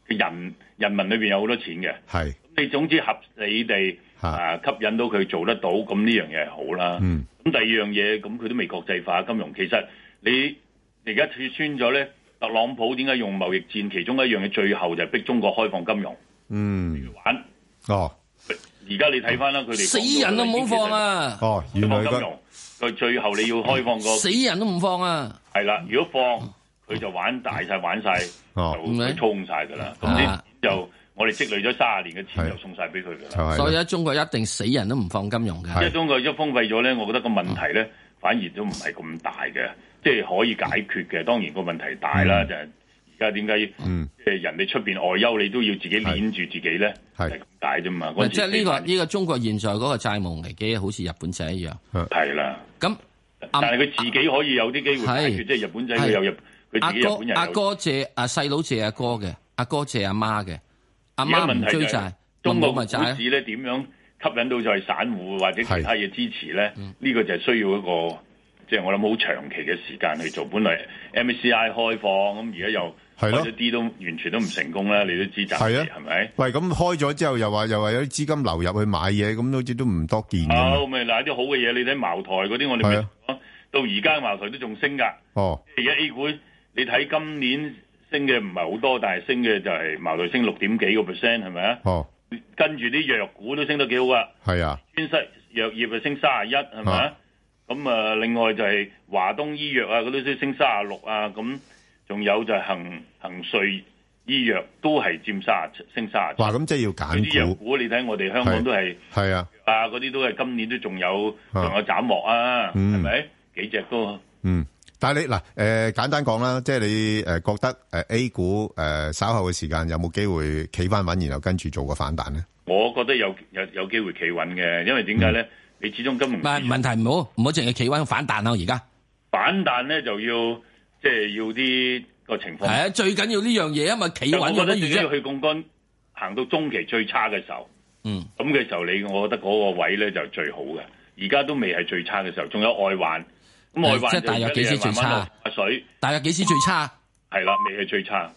如人人民裏邊有好多錢嘅，係。你總之合理哋啊，啊吸引到佢做得到，咁呢樣嘢係好啦。咁、嗯、第二樣嘢，咁佢都未國際化金融，其實你。而家脫穿咗咧，特朗普點解用貿易戰？其中一樣嘅最後就係逼中國開放金融。
嗯，玩哦。
而家你睇翻啦，佢哋死人都唔
好放啊。哦，
開放金
融，佢最後你要開放個死
人都唔放啊。
係啦，如果放佢就玩大晒，玩曬、哦、就衝晒㗎啦。咁咧就我哋積累咗三十年嘅錢，就送晒俾佢㗎啦。所以喺
中國一定死人都唔放金融嘅。即係
中國一封閉咗咧，我覺得個問題咧、嗯、反而都唔係咁大嘅。即係可以解決嘅，當然個問題係大啦。就係、嗯、而家點解即係人哋出邊外憂，你都要自己攆住自己咧？係咁大啫嘛。即係呢、呢個呢、
呢個中國現在嗰個債務危機，好似日本仔一樣。係啦。咁
但係佢自己可以有啲機會解決，即、啊、係、就係、日本仔佢有入佢自己阿哥阿哥
借阿細佬借，阿哥嘅，阿哥借，阿媽嘅，
阿媽唔追債，都冇咪債啊？股市咧點樣吸引到就係散戶或者其他嘢支持咧？呢、嗯呢個就係需要一個。即係我諗好長期嘅時間去做，本來 MSCI 開放咁，而家又攞咗啲都完全都唔成功啦，你都知道暫時係咪、
啊？喂，咁開咗之後又話又話有啲資金流入去買嘢，咁好似都唔多見咁。有
咪嗱啲好嘅嘢？你睇茅台嗰啲、啊，我哋到而家茅台都仲升㗎。哦，而家 A 股你睇今年升嘅唔係好多，但係升嘅就係茅台升六點幾個 percent 係咪啊？哦，跟住啲藥股都升得幾好㗎。係啊，專室藥業就升三啊一係咪啊？哦咁啊，另外就係華東醫藥啊，嗰啲都升卅六啊，咁仲有就係恒恒瑞醫藥都係占卅七升卅七。哇！咁即係要揀股。啲藥股你睇，我哋香港都係係啊，啊嗰啲都係今年都仲有仲有斬獲啊，係咪？幾隻都。嗯，
但係你嗱，誒，簡單講啦，即係你誒覺得誒 A 股誒稍後嘅時間有冇機會企翻穩，然後跟住做個反彈咧？
我覺得有有有機會企穩嘅，因為點解咧？你始終根本唔係問
題唔好，唔好唔好淨係企穩反彈咯！而家
反彈咧就要即係、即係、要啲個情況。係、哎、啊，最緊要呢樣嘢，啊嘛。企穩如果要去槓桿行到中期最差嘅時候，嗯，咁嘅時候你，我覺得嗰個位咧就最好嘅。而家都未係最差嘅時候，仲有外環，
外環即係大約幾時最差，阿水大約幾時最差
啊？係啦，未係最差。